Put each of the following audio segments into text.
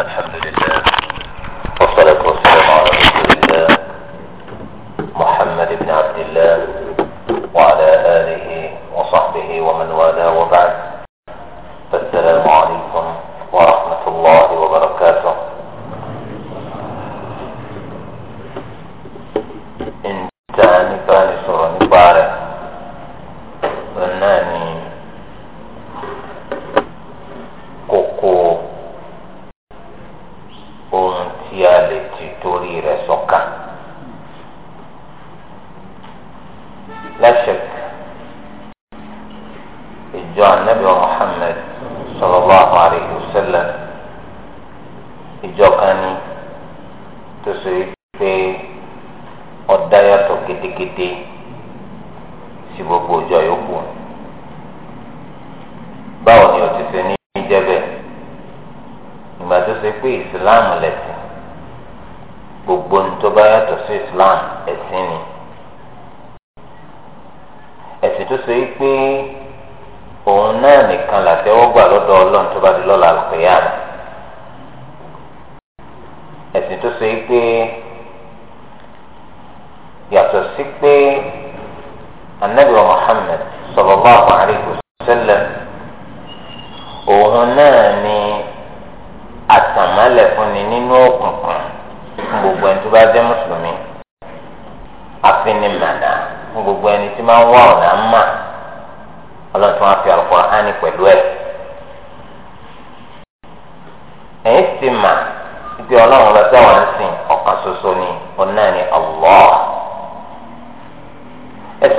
الحمد لله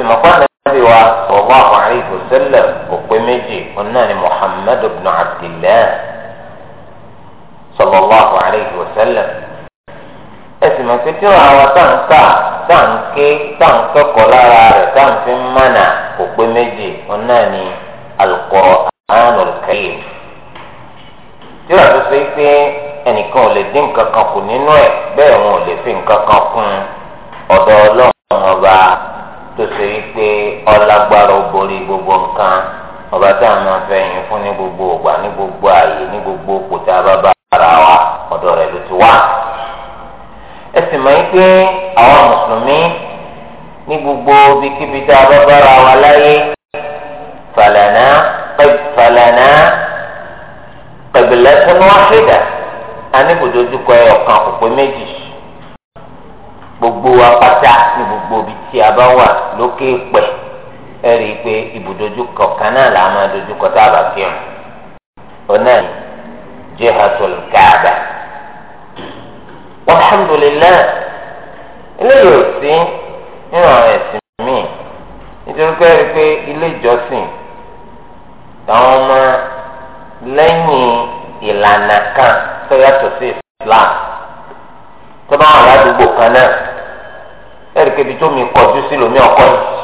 mọ̀kọ́ nàbí wa ọ̀gbọ́n àkọ́rin ìgbòsẹ́lẹ̀ òpé méjì òun náà ni Muhammad ibn Abdillah sallallahu alayhi wa sallam ẹsìn mọ̀ pé tí àwọn táǹkà táǹké táǹkẹ́kọ̀ọ́ lára rẹ̀ táǹfì mánà òpé méjì òun náà ni Al-Qur'anul Karim tí wàá tó ṣe pé ẹnìkan ò lè dín nǹkan kan kù nínú ẹ̀ bẹ́ẹ̀ wọn ò lè fi nǹkan kan kún ọ̀dọ̀ Ọlọ́run. ọba tá a máa fẹ́ yín fún ní gbogbo ògbà ní gbogbo ààyè ní gbogbo òkúta bàbá ara wa ọ̀dọ̀ rẹ̀ ló ti wá. ẹ sì mọ̀ pé àwọn mùsùlùmí ní gbogbo ibikíbi tá a bá bára wa láyé fàlànà fàlànà pẹ̀gbẹ̀lẹ́tún wáhídà a ní kò dojúkọ ẹ ọ̀kan kò méjì gbogbo wa ní gbogbo ibi tí a bá wà lókè pẹ̀ ẹ rí i pé ibùdójúkọ kan náà là á máa dojúkọ tá a bá fi hàn ọ̀nà jihatul kaaba alhamdulilayi eléyìí ò sí nínú àwọn ẹ̀sìn míì nítorí pé rí i pé ilé ìjọsìn àwọn ọmọ lẹ́yìn ìlànà kan tó sí Islam tó bá wà ládùúgbò kan náà ẹ̀rí kébi tó mi kọjú sí lómi ọkọ yìí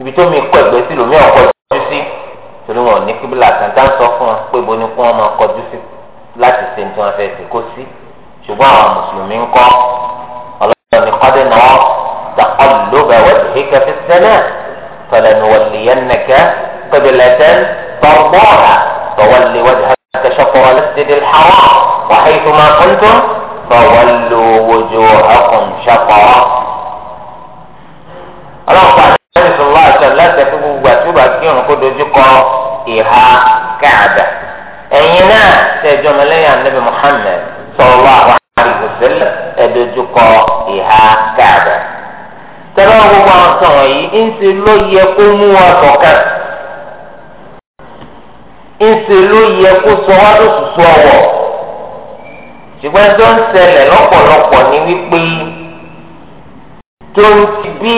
ibi tó mi kọ ẹgbẹ́ sí lómi ọ̀kọ́ ju sí torí wọn ní kíbílà àtàntà ń sọ fún wọn pé bo ni kí wọn máa kọjú sí láti ṣe ní tí wọn fẹ́ ṣe kó sí ṣùgbọ́n àwọn mùsùlùmí ń kọ́ ọlọ́run ní kọ́dé náà taqalluba wajhika fi as-sanaa falanuwalliyannaka qiblatan tardaha fawalli wajhaka shatra al-masjid al-haram wa haythuma kuntum fawallu wujuhakum shatrahu. ọlọ́run ẹni sọ wá aṣọ láti ẹkọ gbogbo àti bàbá kírun kó dojú kọ ìhà káàdà ẹ̀yin náà tẹjọ mẹlẹyìn anabi muhammed sọ̀rọ̀ wà wà àrùkù sílẹ̀ ẹdojú kọ ìhà káàdà tẹlẹ gbogbo àwọn sọ̀rọ̀ yìí ń ṣe ló yẹ kó mú wọn ṣọ̀kan ń ṣe ló yẹ kó sọ wá ló sùsù ọwọ́ ṣùgbọ́n tó ń ṣẹlẹ̀ lọ́pọ̀lọpọ̀ ni wípé tó ń ti bí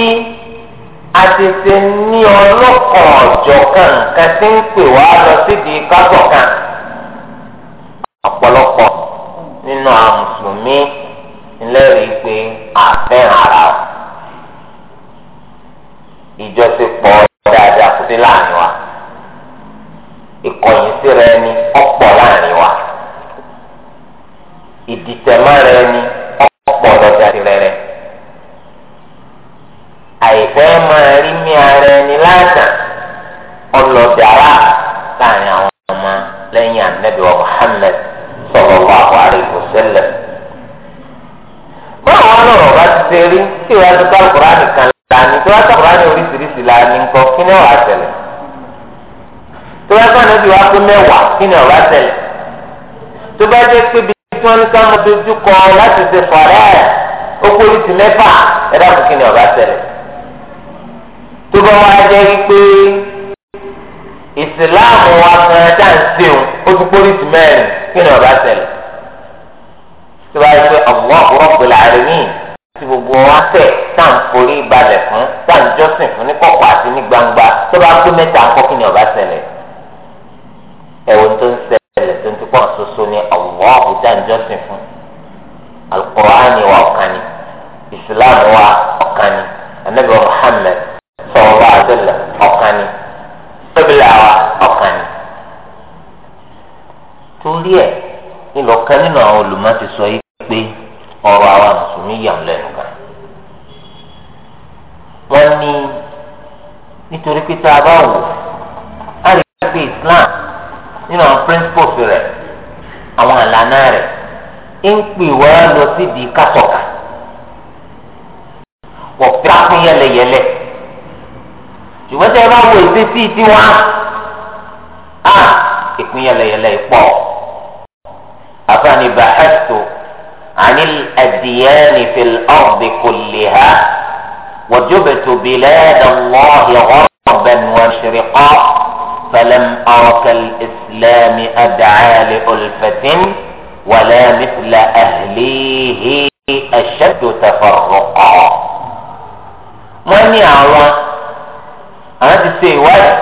àtẹ̀tẹ̀ ní ọlọ́kàn ọ̀jọ̀ kan nǹkan tí ń pè wá lọ síbi kábọ̀ kan ọ̀pọ̀lọpọ̀ nínú àwọn mùsùlùmí ńlẹ́rìí pé àfẹ́ràn ara ìjọsìnpọ̀ dáadáa kò sí láàrin wa ìkọ̀yìn síra ẹni ọ̀pọ̀ láàrin wa ìdìtẹ̀mọ́ra ẹni. fẹ́ máa rí ní ara ẹni láàdà ọlọ́dàrà láàrin àwọn ọmọ lẹ́yìn anabi wa Muhammad sallallahu alaihi wasallam. báwo wọn lọrọ bá ti ṣe rí tí wọn ti ká kúránì kan lánìí tí wọn ká kúránì oríṣiríṣi lánìí nǹkan kí ni wàá tẹ́lẹ̀ tí wọn ká níbi wàá pé mẹ́wàá kí ni wàá tẹ́lẹ̀ tó bá jẹ pé bí wọn ní ká mọ dojú kọ láti ṣe fàrẹ́ ẹ̀ ó kórìtì mẹ́fà ẹ̀dá kò kí ni wàá tẹ́lẹ̀ tó bá wá jẹ́ wípé ìsìláàmù wa kan dáǹsì o ó ti pólísì mẹ́rin kí ni ọba ṣẹlẹ̀ tó bá yẹ pé ọ̀gbọ́n ọ̀gbọ́n làárín tí gbogbo wa tẹ̀ tá à ń forí balẹ̀ fún tá à ń jọ́sìn fún ní kọ̀kọ̀ àti ní gbangba tó bá gbé mẹ́ta ńkọ́ kí ni ọba ṣẹlẹ̀ ẹ̀wọ̀n tó ń ṣẹlẹ̀ tó ń ti pọ̀ ṣoṣo ni ọ̀gbọ́n ọ̀gbọ́n tá à ń jọ́sìn fún alukóraani wa ọ̀kan ni ìsìláàmù wa ọ̀kan ni anabi wa sọ̀rọ̀ bá àdúrà ọ̀kan ni tẹ́bílà wa ọ̀kan ni. torí ẹ̀ ìlọ̀kan nínú àwọn olùmọ̀ ti sọ yìí pé ọ̀rọ̀ àwọn mùsùlùmí yà ń lẹ́nu kan. wọ́n ní nítorí pé tá wò á rí pé Islam nínú àwọn principles rẹ̀ àwọn àlànà rẹ̀ ń pè wá lọ sídìí kátọ̀kà wọ́n fi á fún yẹlẹyẹlẹ. ṣùgbọ́n ti ẹ bá wo ìṣesí tiwa á ìpín yẹlẹyẹlẹ pọ̀ afáàní bàhẹ́tò àní ẹ̀dìyẹ́ni fìl ọ̀bì kò lè ha wọ́jọ́bẹ̀tò bìlẹ́ẹ̀dà lọ́ọ̀hì ọ̀bẹ̀n wọn ṣèrìkọ́ fẹlẹ́m ọ̀kẹ́l ìsìlẹ́mi àdàáyàlì olùfẹ̀tìn wàlẹ́ mìtìlẹ̀ àhìlìhì ẹ̀ṣẹ́dù kọ́ wọ́n ní àwọn. àwọn ti ṣe ìwádìí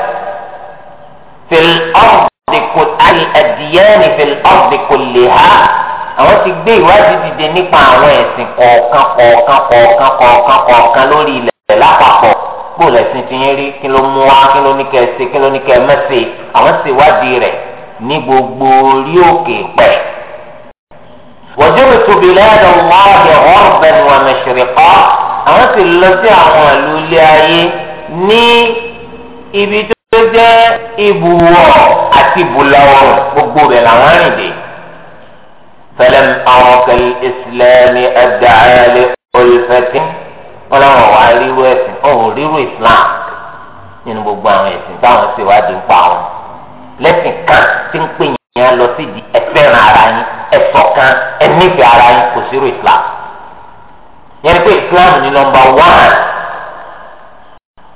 fil ardi kò àyè àdìyẹ́ni fil ardi kò lè ha àwọn ti gbé ìwádìí dìde nípa àwọn ẹ̀sìn kọ̀ọ̀kan kọ̀ọ̀kan kọ̀ọ̀kan kọ̀ọ̀kan kọ̀ọ̀kan lórí ilẹ̀ lápapọ̀ bó lẹ́sìn ti ń rí kí ló mú wá kí ló ní kẹ́ ṣe kí ló ní kẹ́ mẹ́sẹ̀ àwọn ti wádìí rẹ̀ ní gbogbo orí òkè pẹ̀. wọ́jọ́bù tóbi lẹ́yìn àwọn ti ibi tó jẹ́ ibùwọ̀ àti ibùlọ̀wọ̀ gbogbo rẹ̀ làwọn rìn dé. fẹlẹm àwọn kẹlẹ ìsìlẹmì ẹdá ayẹlẹ olùfẹtí wọn làwọn wà ríru ẹsìn ọhún ríru islam nínú gbogbo àwọn ẹsìn táwọn ṣe wá di ń pa wọn lẹsìn kan tí ń pè yín lọ sí di ẹfẹ́ràn ara yín ẹ̀sọ̀kan ẹ̀nífẹ̀ẹ́ ara yín kò sí ríru islam yẹn pé islam ní nọ́mbà wán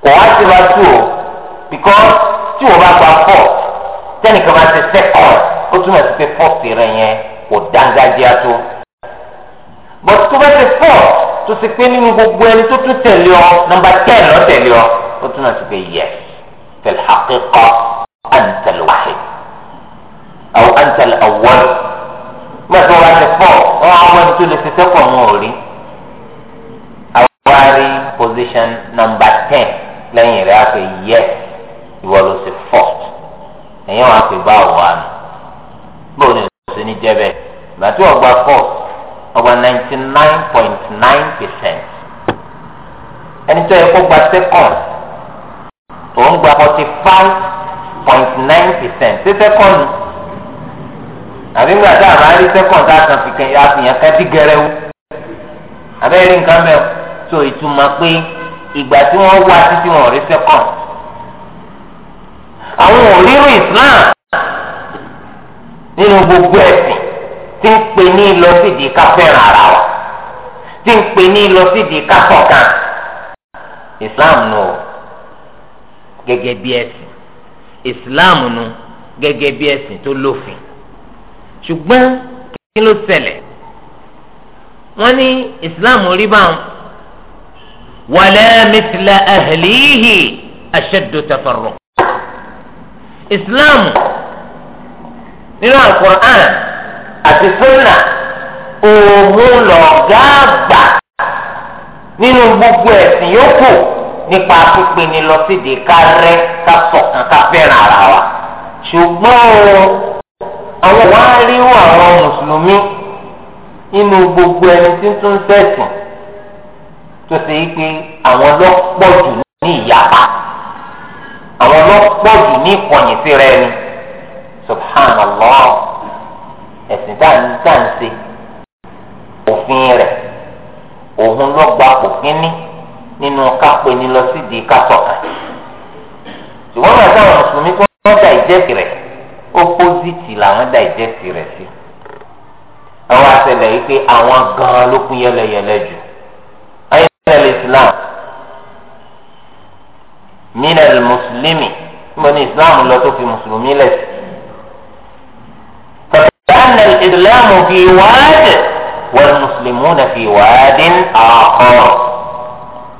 kò wá sí wá sí o because tí wọ́n bá gba four tẹ́nìkan bá ti second ó túmọ̀ sí pé fourth rẹ̀ yẹn kò dángájíá tó but tó bá ti four tó ti pé nínú gbogbo ẹni tó tún tẹ̀lé ọ nọ́mbà ten lọ tẹ̀lé ọ ó túmọ̀ sí pé yes fil haqiqa anta al-wahid aw anta al-awwal gbàtọ́ wa ti pọ̀ wọ́n á wọ́n tó lè ṣiṣẹ́ pọ̀ wọn ò rí. àwárí position number ten lẹ́yìn rẹ̀ á fẹ́ yẹ ìwọ ló ṣe fọ́ọ̀t ẹ̀yìn wọn àpè bá òwò àná bóun ni ìṣòṣe ní jẹ́ bẹ́ẹ̀ ìgbà tí wọ́n gba fọ́ọ̀t ọgbà ninety nine point nine percent ẹni tó yẹ kó gba second òun gba forty five point nine percent ṣé second àbí ńgbà tá a máa rí second tá a kàn fi kẹ́yìn àfihàn kẹ́tí gẹrẹ́wó àbẹ́rẹ́ nǹkan mẹ́wọ́ so ìtumọ̀ pé ìgbà tí wọ́n wá títí wọn rí second àwọn òrírò islam nínú gbogbo ẹ̀sìn tí ń pè ní ìlọsídìí ká fẹ́ràn ara wa tí ń pè ní ìlọsídìí ká ṣọ̀kan islam nù o gẹ́gẹ́ bí ẹ̀sìn islam nù gẹ́gẹ́ bí ẹ̀sìn tó lófin ṣùgbọ́n kí ló ṣẹlẹ̀ wọ́n ní islam rí báwọn wala mithla ahlihi ashaddu tafarruq islam nínú alukur'an àti sunna òun lọ̀gá àgbà nínú gbogbo ẹ̀sìn yòókù nípa pípinni lọ sídìí kárẹ́ ká ṣọ̀kan ká fẹ́ràn ara wa ṣùgbọ́n àwọn wáríwò àwọn mùsùlùmí nínú gbogbo ẹni tí ń tún sẹ̀sìn tó ṣe é pé àwọn lọ́pọ̀ jù ní ìyapa àwọn ọlọ́pọ̀ jù ní ìkọ̀yìn sí rẹ ni subhanallah ẹ̀sìn tá à ń ṣe òfin rẹ̀ òun ló gba òfin ní nínú kápẹ́ ni lọ sídìí kásọ̀kà ṣùgbọ́n náà sáwọn mùsùlùmí tó wọ́n dá ìjẹ́sì rẹ̀ opposite làwọn dá ìjẹ́sì rẹ̀ sí àwọn àṣẹlẹ̀ yìí pé àwọn gan-an ló kún yẹlẹyẹlẹ jù ayélujára islam mina muslimi mo ní islam lọ tó fi mùsùlùmí lẹ sí. فكأن الإسلام في واد والمسلمون في واد آخر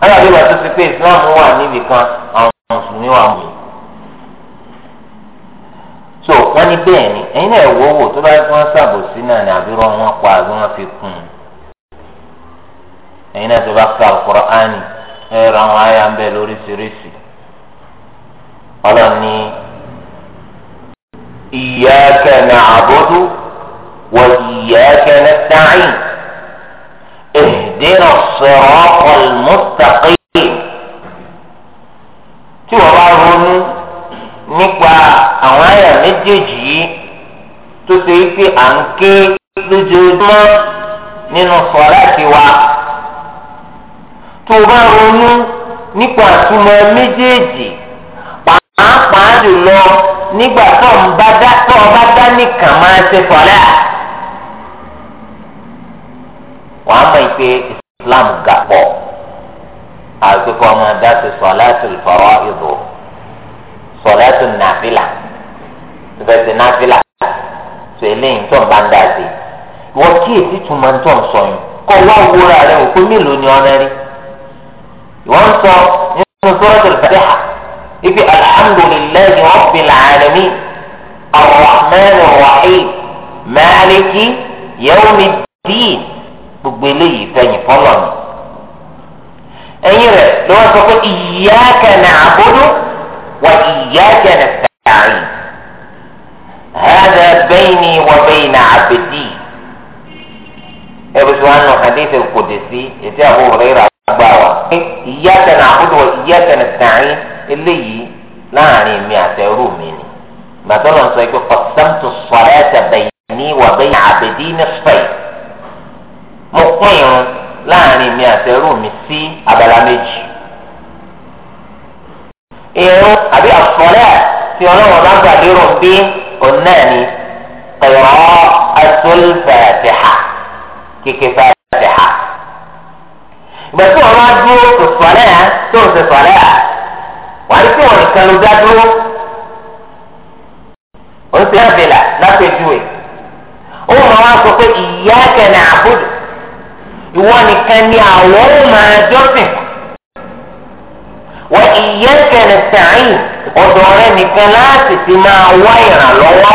أنا أقول لك في الإسلام هو أني بك أو مسلمي وأمي so wọ́n ní bẹ́ẹ̀ ni ẹ̀yin náà wò wò tó bá yẹ kí wọ́n ṣàbòsí náà ní àbí wọ́n pa àbí wọ́n fi kún un ẹ̀yin náà tó bá ka Al-Qur'ani ẹ̀ ra àwọn àyà ń bẹ lóríṣiríṣi ọlọ́ni iyyaka na'budu wa iyyaka nasta'in ihdina siratal mustaqim tí wọ́n bá ronú nípa àwọn àyà méjèèjì yìí tó ṣe é pé à ń ké lójoojúmọ́ nínú sọ̀láàtì wa tó bá ronú nípa àtúmọ̀ méjèèjì jùlọ nígbà tó ń bá dá tó ń bá dá nìkan máa ṣe fọlẹ́ à. wàá mọ̀ pé Islam ga pọ̀ àti kọ́ ọmọ dá ti sọ̀láṣì fọwọ́ ìbò sọ̀láṣì nàfìlà tùbẹ̀sì nàfìlà tó eléyìí tó ń bá ń dá sí i wọ́n kí èsì tún máa ń tọ̀ ń sọ yìí kọ́ wá wúra rẹ̀ òkú mélòó ni ọ̀nà rí ìwọ́n sọ nínú sọ́ọ́tì fàdíhà ibi الحمد لله رب العالمين الرحمن الرحيم مالك يوم الدين بقبلي فاني فلان أيها لو تقول إياك نعبد وإياك نستعين هذا بيني وبين عبدي أبو سؤال حديث القدسي يتابع غير أخبار إياك نعبد وإياك نستعين اللي láàrin mi àtẹrù mi ni gbàtọ́ lọ sọ pé qasamtu salata bayni wa bayna abdi nisfayn mo pín irun láàrin mi àtẹrù mi sí abala méjì. irun àbí àfọlẹ́ tí ọlọ́run bá gbà lérò ń bí òun ni qira'atul Fatiha kíkí Fatiha. ìgbà tí wọ́n bá dúró kò sọ̀rẹ́ yẹn tó ń sọ̀rẹ́ yẹn wàá rí pé wọn nìkan ló dá dúró ó ń ṣe àbẹ̀là lápẹ̀júwe ó mọ̀ wá sọ pé ìyá kẹ̀nà àbúdù ìwọ nìkan ni àwọn ó máa jọ́sìn wọ ìyá kẹ̀nà sàáyìn ọ̀dọ̀ rẹ nìkan láti ti máa wá ìrànlọ́wọ́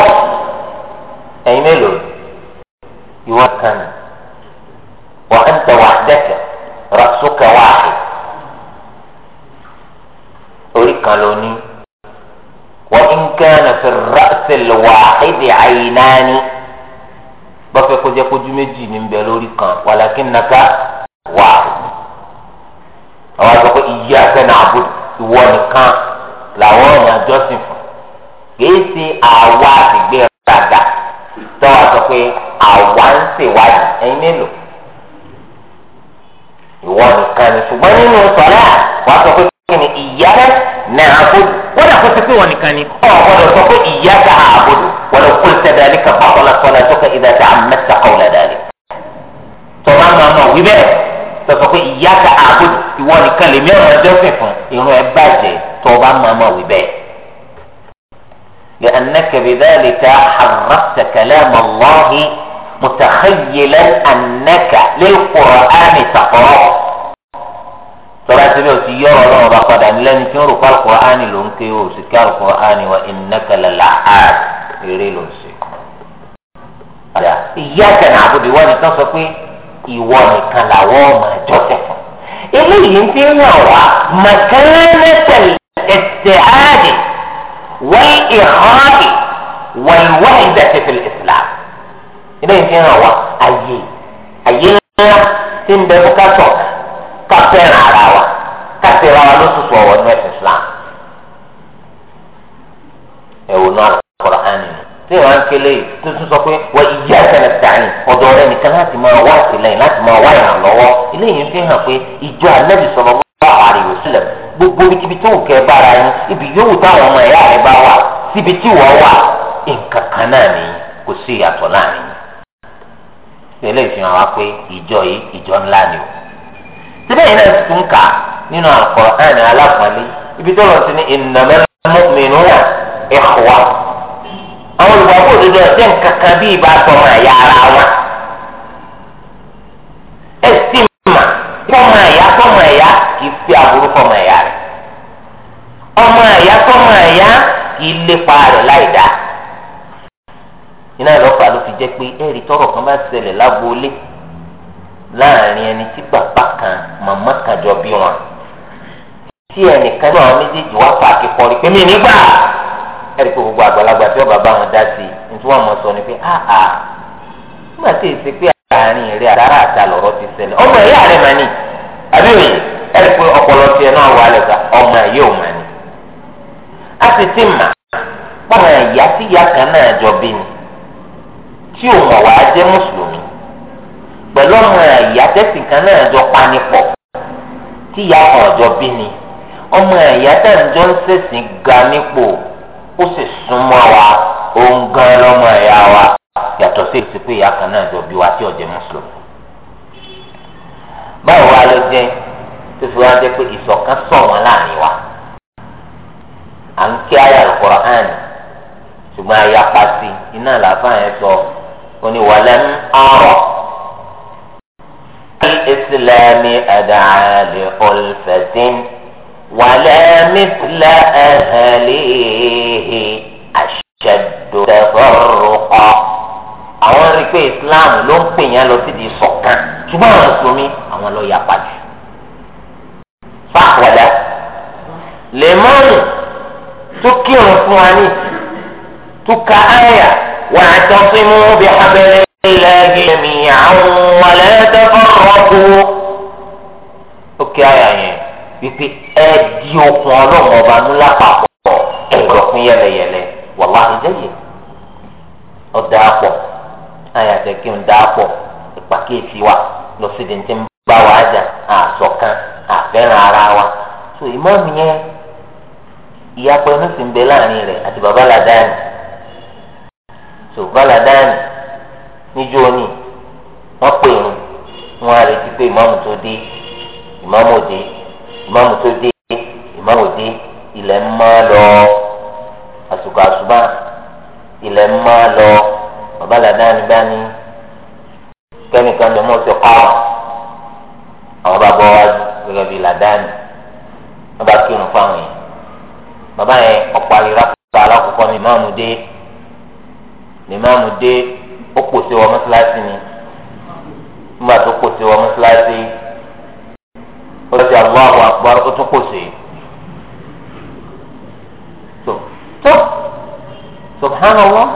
ẹ̀yin mélòó ìwọ kan wà ń tẹ̀wà dẹ́kẹ̀ rà sókè wá. kan ló ní. wa in kana fi ar-ra'sil wahidi 'aynani bọ́fẹ́ kó jẹ́ kójú méjì ní bẹ lórí kan walakinnaka wahid. àwọn àgbàkọ iyyaka na'budu ìwọ nìkan làwọn ọ̀nà àjọsìn fún kìí ṣe àwa àtìgbẹ́ rádà tọ́wọ́ sọ àwa ń ṣèwádìí ẹ̀yin mélòó ìwọ nìkan ni ṣùgbọ́n nínú sọ̀rọ̀ wàá sọ pé ní ìyáka na'budu wọ́n dà kó sí pé wọ́n nìkan ni ọ̀gbọ́dọ̀ sọ pé ìyáka a'budu wọ́n kó sẹ́dálí ka bàtọ́lá sọ́lá tó ka ìdá tá a mẹ́ta kọ́lá dálí. tọ́lá máa ma wí bẹ́ẹ̀ sọ pé ìyáka a'budu ìwọ nìkan lèmi ọ̀rọ̀ ẹjọ́ fẹ̀ fún irun ẹ bàjẹ́ tọ́lá máa ma wí bẹ́ẹ̀. لأنك بذلك حرفت كلام الله متخيلا أنك للقرآن تقرأه tọ́lá síbẹ̀ ò ti yí ọ̀rọ̀ náà bá padà ní lẹ́ni tí ń rò pálukọ̀ áni ló ń ké o sì ká àlùkò áni wa ìnákàlà làhàd eré ló ń ṣe. ìyá kẹ̀nà àbòdì wọ́n nìkan sọ pé ìwọ nìkan làwọ̀ ọmọ ẹjọ́ tẹ̀ eléyìí ń ti ń yàn wá màkánẹ́tẹ̀l ẹ̀sẹ̀ áàdì wọ́n ìhàdì wọ́n wọ́n ìdẹ́tẹ̀fẹ̀l ìsìlám. eléyìí ń ti ń fẹ́ràn ara wa ká tẹ̀ra wa lóṣooṣù ọ̀wọ́ ní ẹ̀sìn Islam ẹ̀wò náà kọ̀ọ̀rọ̀ ánì tí ìwà ń kélé tó tún sọ pé wọ ìyá ìṣẹ̀lẹ̀ dání ọ̀dọ̀ rẹ nìkan láti máa wá ìtìlẹ́yìn láti máa wá ìrànlọ́wọ́ eléyìí fi hàn pé ìjọ Ànábì sọ̀rọ̀ bá àríwò sílẹ̀ gbogbo ibikíbi tó kẹ́ bára yín ibi yòówù táwọn ọmọ ẹ̀yà rẹ bá wà síbi tí wọ́n wà nǹkan kan náà ni kò sí ìyàtọ̀ láàrin yín. eléyìí fi hàn pé ìjọ yìí ìjọ ńlá ni o síbẹ̀ yìí náà tún kà nínú Al-Qur'an alápọ̀nlé ibi tó lọ sí ní innamal mu'minuna ikhwa àwọn olùgbàgbọ́ òdodo ẹ̀sẹ̀ nkankan bí ibà tọmọ ẹ̀yà ara wọn ẹ̀sì mà tọmọ ẹ̀yà tọmọ ẹ̀yà kì í fi aburú fọmọ ẹ̀yà rẹ̀ ọmọ ẹ̀yà tọmọ ẹ̀yà kì í lépa rẹ̀ láì dáa iná ìlọ́pàá ló fi jẹ́ pé ẹ̀rí tọrọ kan bá ṣẹlẹ̀ lágboolé láàrin ẹni tí bàbá kan màmá kan jọ bí wọn tí ẹnìkan náà méjèèjì wá pàákì kọrí pé mi nígbà ẹni pé gbogbo àgbàlagbà tí bàbá wọn dá sí i nítorí wọn mọ sọ ni pé àà ah, ah. nígbà tí èsì pé àárín rẹ àtàrà àtà lọ̀rọ̀ ti ṣẹlẹ̀ ọmọ ẹ̀yà rẹ mà ní àbí òye ẹni pé ọpọlọ tiẹ̀ náà wà lẹka ọmọ ẹ̀yà ò mà ní. a sì ti mà pàmò ẹ̀yà tí ìyá kan náà jọ bí ni tí òun pẹ̀lú ọmọ ẹ̀yà tẹ̀sìn kan náà jọ panipọ̀ tí ìyá kan ọ̀jọ́ bí ni ọmọ ẹ̀yà tẹ̀jọ́ ń ṣèṣìn ga nípò ó sì súnmọ́ wa òun gan lọ́mọ ẹ̀yà wa yàtọ̀ sí èsì pé ìyá kan náà jọ bí wa tí ọ̀jẹ̀ mùsùlùmí. báwo wá ló jẹ́ tó fi wá jẹ́ pé ìṣọ̀kan sọ̀ wọ́n láàrin wa à ń kí ayé Al-Qur'an ṣùgbọ́n ayapa sí iná làbáyé sọ oníwàlẹ́ àrọ̀. الإسلام أدعى لألفة ولا مثل أهله أشد تفرقا àwọn rí pé islam ló ń pè yẹn lọ síbi ìṣọ̀kan ṣùgbọ́n àwọn mùsùlùmí àwọn lọ yà pàjù. fáwọ̀dà lèmọ́nù tó kírun fún wa ní túkà áyà wà á tọ́ sí mú bí abẹ́rẹ́ ilẹ̀ gẹ̀mí àwọn wọlé kówó òkè àyà yẹn wípé ẹ di okun ọlọ́run ọba ní lápapọ̀ ẹ̀rọ fún yẹlẹyẹlẹ wàhálà ìjẹyẹ ọ̀dà pọ̀ àyà tẹ kí n dà pọ̀ ìpàkíyèsí wa lọ sí di ti ń bá wa jà àsọ̀kan àfẹ́ràn ara wa so ìmọ̀ọ́mù yẹn ìyapọ̀ inú sì ń bẹ láàrin rẹ̀ àti bàbá làdáni so bàbá làdáni níjọ́ ni wọ́n pè é wọn á retí pé ìmáàmù tó dé ìmáàmù òde ìmáàmù tó dé ìmáàmù òde ilẹ̀ ń má lọ àsùkò àsùbà ilẹ̀ ń má lọ bàbá làdáni dání kẹ́nìkan lè mọ̀ sí ọ́ àwọn bá bọ́ wájú gẹ́gẹ́ bí làdáni wọ́n bá kírun fáwọn yẹn bàbá yẹn ọ̀pọ̀ àrírákùtà alákọ̀ọ́kọ́ ni ìmáàmù dé ni ìmáàmù dé ó pòṣe wọ mọ́sálásí ni nígbà tó kò sí wọn mọ́sálásí ó ti Allahu Akbar ó tún kò sí. tó tó subhanallah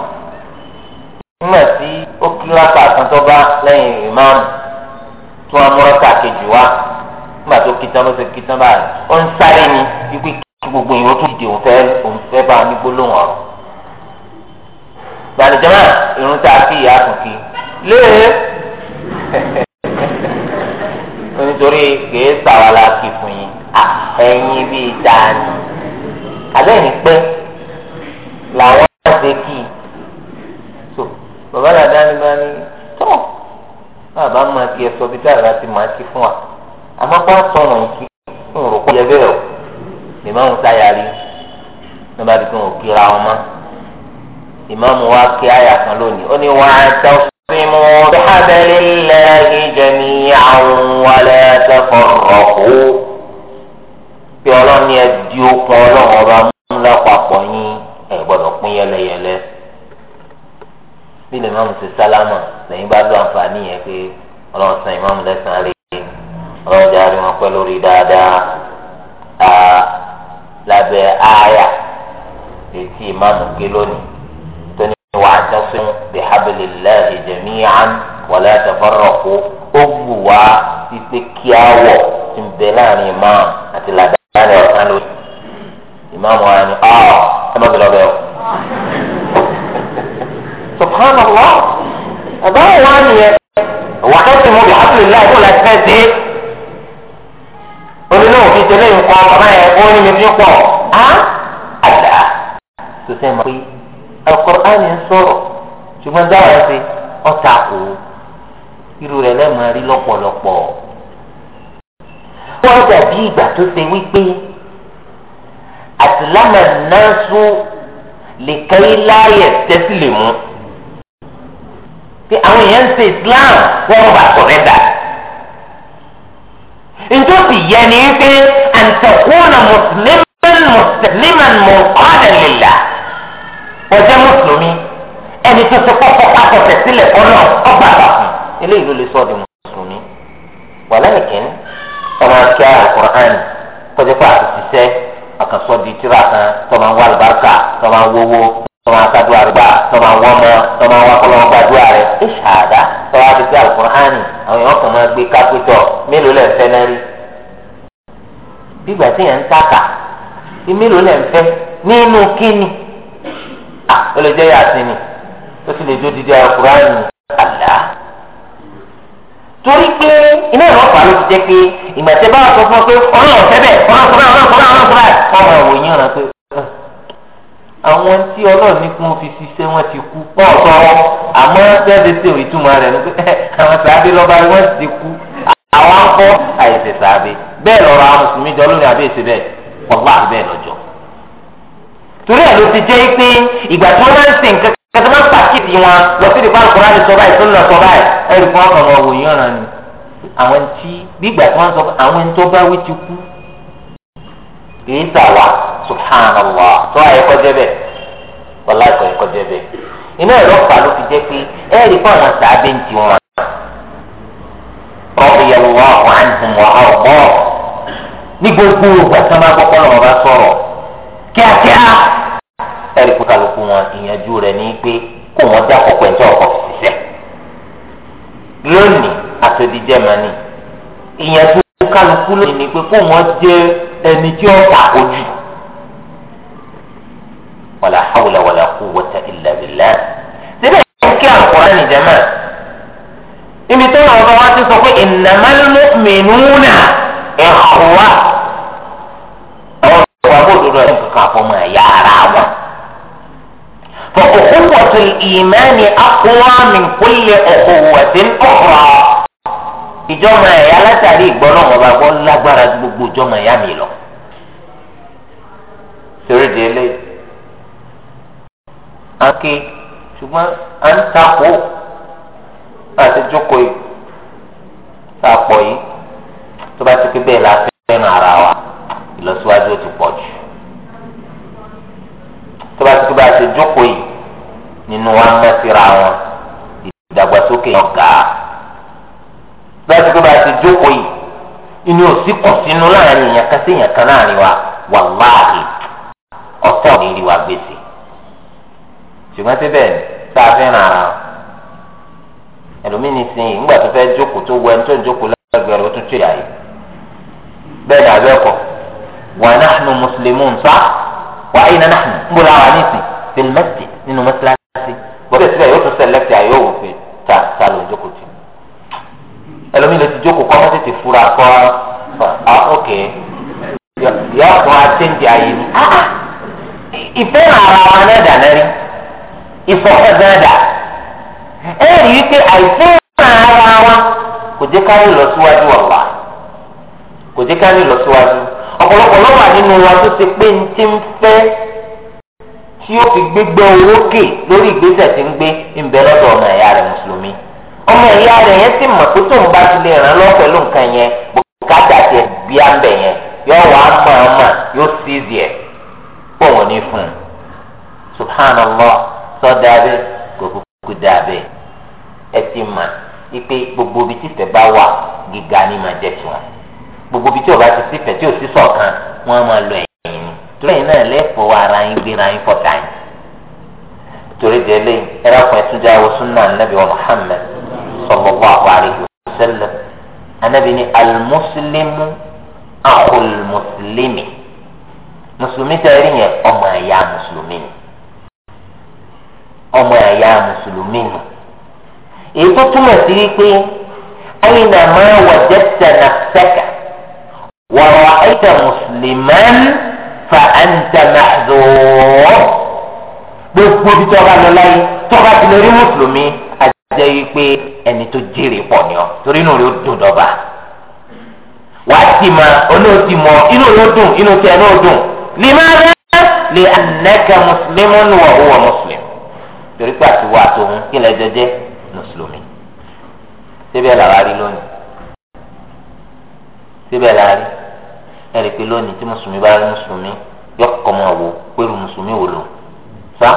nígbà tí ó kí lápá àtúntọ́ba lẹ́yìn ìmáàmù tó amúrọ́kà kejì wá nígbà tó kí tán ló ṣe kí tán báyìí ó ń sáré ni wípé kí gbogbo ìwé tó dìde òun fẹ́ òun fẹ́ bá a ní gbólóhùn ọ̀rọ̀ gbàdúgbà irun tá a kí ìyá tún kí lé nítorí kìí sàwàlà kì fún yín ẹ̀yin bíi dání àbẹ́ẹ̀ni pé làwọn ṣe kì í so bàbá dàda ni bá ní tó bàbá máa kí ẹ sọ bí tá àgbà ti máa kí fún wa àmọ́ bá sọ̀rọ̀ kí n rò kó yẹ bẹ́ẹ̀ o ìmáàmù táyà rí nígbà tí wọn ò kíra wọn mọ́ ìmáàmù wa kí àyà kan lónìí ó ní wọn á tẹ́ ọ. أقسموا بحبل الله جميعا ولا تفرقوا bí ọlọ́run ni ẹ di okun ọlọ́run ọba mú lápapọ̀ yín ẹ gbọ́dọ̀ pín yẹlẹyẹlẹ bí lè máàmù ti sálámà lẹ́yìn bá lọ àǹfààní yẹn pé ọlọ́run san ìmáàmù lẹ́sàn-án rè é ọlọ́run jáde wọn pẹ́ lórí dáadáa lábẹ́ ààyà ètí ìmáàmù gé lónìí. واعتصموا بحبل الله جميعا ولا تفرقوا أبوا تتكياو تنبلاني ما أتلاداني وكانوا إمام واني آه كما بلغيو سبحان الله أبا واني واعتصموا بحبل الله ولا تفزي قل له في تلين قوم ما يقولني من يقوم أه؟ ألا تسمى alukur'ani ń sọ̀rọ̀ ṣùgbọ́n dáwà ṣe ọ̀tà kò irú rẹ̀ lẹ́ẹ̀mọ́ rí lọ́pọ̀lọpọ̀ wọ́n dàbí ìgbà tó ṣe wípé àtìlámà náà sún lè kẹ́rí láàyè tẹ́sí lè mú pé àwọn èèyàn ń ṣe Islam wọ́n bá sọ̀rẹ́ dà ntòsí yẹ ni wípé àǹtẹ̀kùn náà mùsùlùmí mùsùlùmí ọjọ́ mùsùlùmí ẹni tó ti kọ́kọ́ pàtọ́tẹ̀ sílẹ̀ ọlọ́ ọgbà àbàkùn eléyìí ló lè sọ di mùsùlùmí wà lẹ́yìn kìíní ọmọ akẹ́ àlùkùránì kọjá pé àtúnṣiṣẹ́ àkànṣọ́ di tíra kan tó máa ń wá àlùbáríkà tó máa àrùbá tó wọ́mọ tó máa kọ́lọ́ gbàdúrà rẹ̀ ẹ ṣàdá Ah, ó lè jẹ́ yàtí ni ó sì lè jó dídí alukurani àlá. torí pé iná ìrọ̀pá ló ti jẹ́ pé ìgbà tẹ́ bá sọ fún ọ pé ọ̀rọ̀ ọ̀fẹ́ bẹ̀ ọ̀rọ̀ ọ̀fẹ́ bẹ̀ ọ̀rọ̀ ọ̀fẹ́ bẹ̀ ọ̀rọ̀ ọ̀wọ̀ yín ọ̀rọ̀ pé ah, àwọn tí ọlọ́ọ̀ni kún fi ṣiṣẹ́ wọn ti kú pọ̀ sọ́wọ́ àmọ́ bẹ́ẹ̀ ṣe ìtumọ̀ rẹ̀ ni pé eh, àwọn sàbí lọ́ba wọn ti kú àwọn akọ àìsè sàbí bẹ́ẹ̀ lọ́rọ̀ àwọn mùsùlùmí jọ lónìí àbí èsì bẹ́ẹ̀ pọ̀ bá bẹ́ẹ̀ lọ́jọ́ torí ẹ̀ ló ti jẹ́ pé ìgbà tí wọ́n bá ń sìn kẹ́kẹ́ tó máa ń pàkíyèsí wọn lọ sí ìdìbò àkùrá ni sọ báyìí tó ń lọ sọ báyìí ẹ̀rù kan ọ̀kan lọ wò yín ọ̀ràn ni àwọn tí bí ìgbà tí wọ́n sọ àwọn ẹni tó bá wí ti kú kì í tà wá subhanallah tó àyè kọjá bẹ́ẹ̀ wọlá ìkọ̀ ẹ̀kọ́ jẹ́ bẹ́ẹ̀ iná ẹ̀rọ pa ló fi jẹ́ pé ẹ̀rì fún àwọn sàábẹ̀ ń ti wọn radiyallahu anhum wa arda ní gbogbo ìgbà tí wọ́n bá kọ́kọ́ lọ́wọ́ bá sọ̀rọ̀ kíákíá ẹ̀rí fún kálukú wọn ìyànjú rẹ̀ ní pé kó wọn dá ọkọ̀ ẹ̀jọ́ ọkọ̀ ṣiṣẹ́ lónìí àtòdíjẹ́ máa ní ìyànjú kálukú lónìí ni pé kó wọn jẹ́ ẹni tí ó ta ojú wàlà hàwùlà wàlà kú wọ́tà ìlà bìlà síbẹ̀ kí àkùrẹ́ nìjẹ́ máa ibi tó lọ́wọ́ wá ti sọ pé ìnàmánú mìíràn àkúnwá mi kulli ukhuwatin ukhra ìjọba ẹ̀yà látàrí ìgbọ́nà ọ̀bà gbọ́ lágbára gbogbo ìjọba ẹ̀yà mi lọ. torí di eléyìí. a ṣùgbọ́n à ń takò. kan sí èèyàn kan láàrin wa wàláhì ọ̀tọ̀ ní ìrìwà gbèsè ṣùgbọ́n síbẹ̀ tá a fẹ́ràn ara ẹlòmíì nìsín ìgbà tó fẹ́ jókòó tó wẹ tó ń jókòó lọ́gbẹ̀rẹ̀ ó tún tó yà yìí bẹ́ẹ̀ ni àbẹ́ ọkọ̀ wa nahnu muslimun sá wà ayé náà nàánú ń bọ̀dọ̀ àwọn àníṣe fìlmẹ́tì nínú mẹ́tíláṣí bọ́dọ̀ síbẹ̀ yóò tún sẹ́lẹ̀kì àyè òwò fi ta ta ló jókòó tì ẹlòmíì lè ti jókòó kọ́ àìfẹ́ràn ara wa kò jẹ́ ká lè lọ síwájú ọ̀la kò jẹ́ ká lè lọ síwájú ọ̀pọ̀lọpọ̀ ló nínú wa tó ti pé ní ti ń fẹ́ tí ó fi gbégbé owó kè lórí ìgbésẹ̀ tí ń gbé ń bẹ lọ́dọ̀ ọmọ ẹ̀yà rẹ̀ mùsùlùmí ọmọ ẹ̀yà rẹ̀ yẹn sì mọ̀ pé tóun bá ti lè ràn lọ́wọ́ pẹ̀lú nǹkan yẹn bùkátà tiẹ̀ bí ẹ ti mà ipe gbogbo ibi títẹ̀ bá wà gíga ni màá jẹ́ tiwọn gbogbo ibi tí ọba ti sífẹ̀ tí ò sí sọ̀kan wọ́n á máa lọ ẹ̀yìn ni torí ẹ̀yìn náà lẹ́fọ̀ọ́ ara yín gbéra yín fọ̀tà yín torí délé ẹ̀rọ kan ẹ̀tún jáwé sunna anabi wa Muhammad sallallahu alaihi wasallam anabi ni almuslimu akhul muslimi mùsùlùmí tẹ̀rí yẹn ọmọ ẹ̀yà mùsùlùmí ni ọmọ ẹ̀yà mùsùlùmí ni èyí tó túmọ̀ sí wípé ẹ̀yin náà máa wà jẹ́tẹ̀ náà sẹ́kà wọ̀rọ̀ ẹ̀jẹ̀ mùsùlùmán fa ẹ̀ǹtẹ̀ màdùrọ̀ gbogbo ibi tí ọba lọ láyé tí ọba ti lè rí mùsùlùmí àjẹ́ wípé ẹni tó jèrè pọ̀ ni ọ torí inú rẹ̀ ó dùn dọ́ba wàá ti mọ olóòtú mọ inú rẹ̀ ó dùn inú tiẹ̀ náà ó dùn lè má rẹ́ lè ànákẹ́ mùsùlùmí wọ̀ wọ̀ mùsùlùmí torí pé àtiwọ́ àtòhun kí lè síbẹ̀ làwa rí lónìí síbẹ̀ làwa rí ẹ̀rí pé lónìí tí mùsùlùmí bá rí mùsùlùmí yọkọ̀ mọ́ wò pé irú mùsùlùmí wò lò sá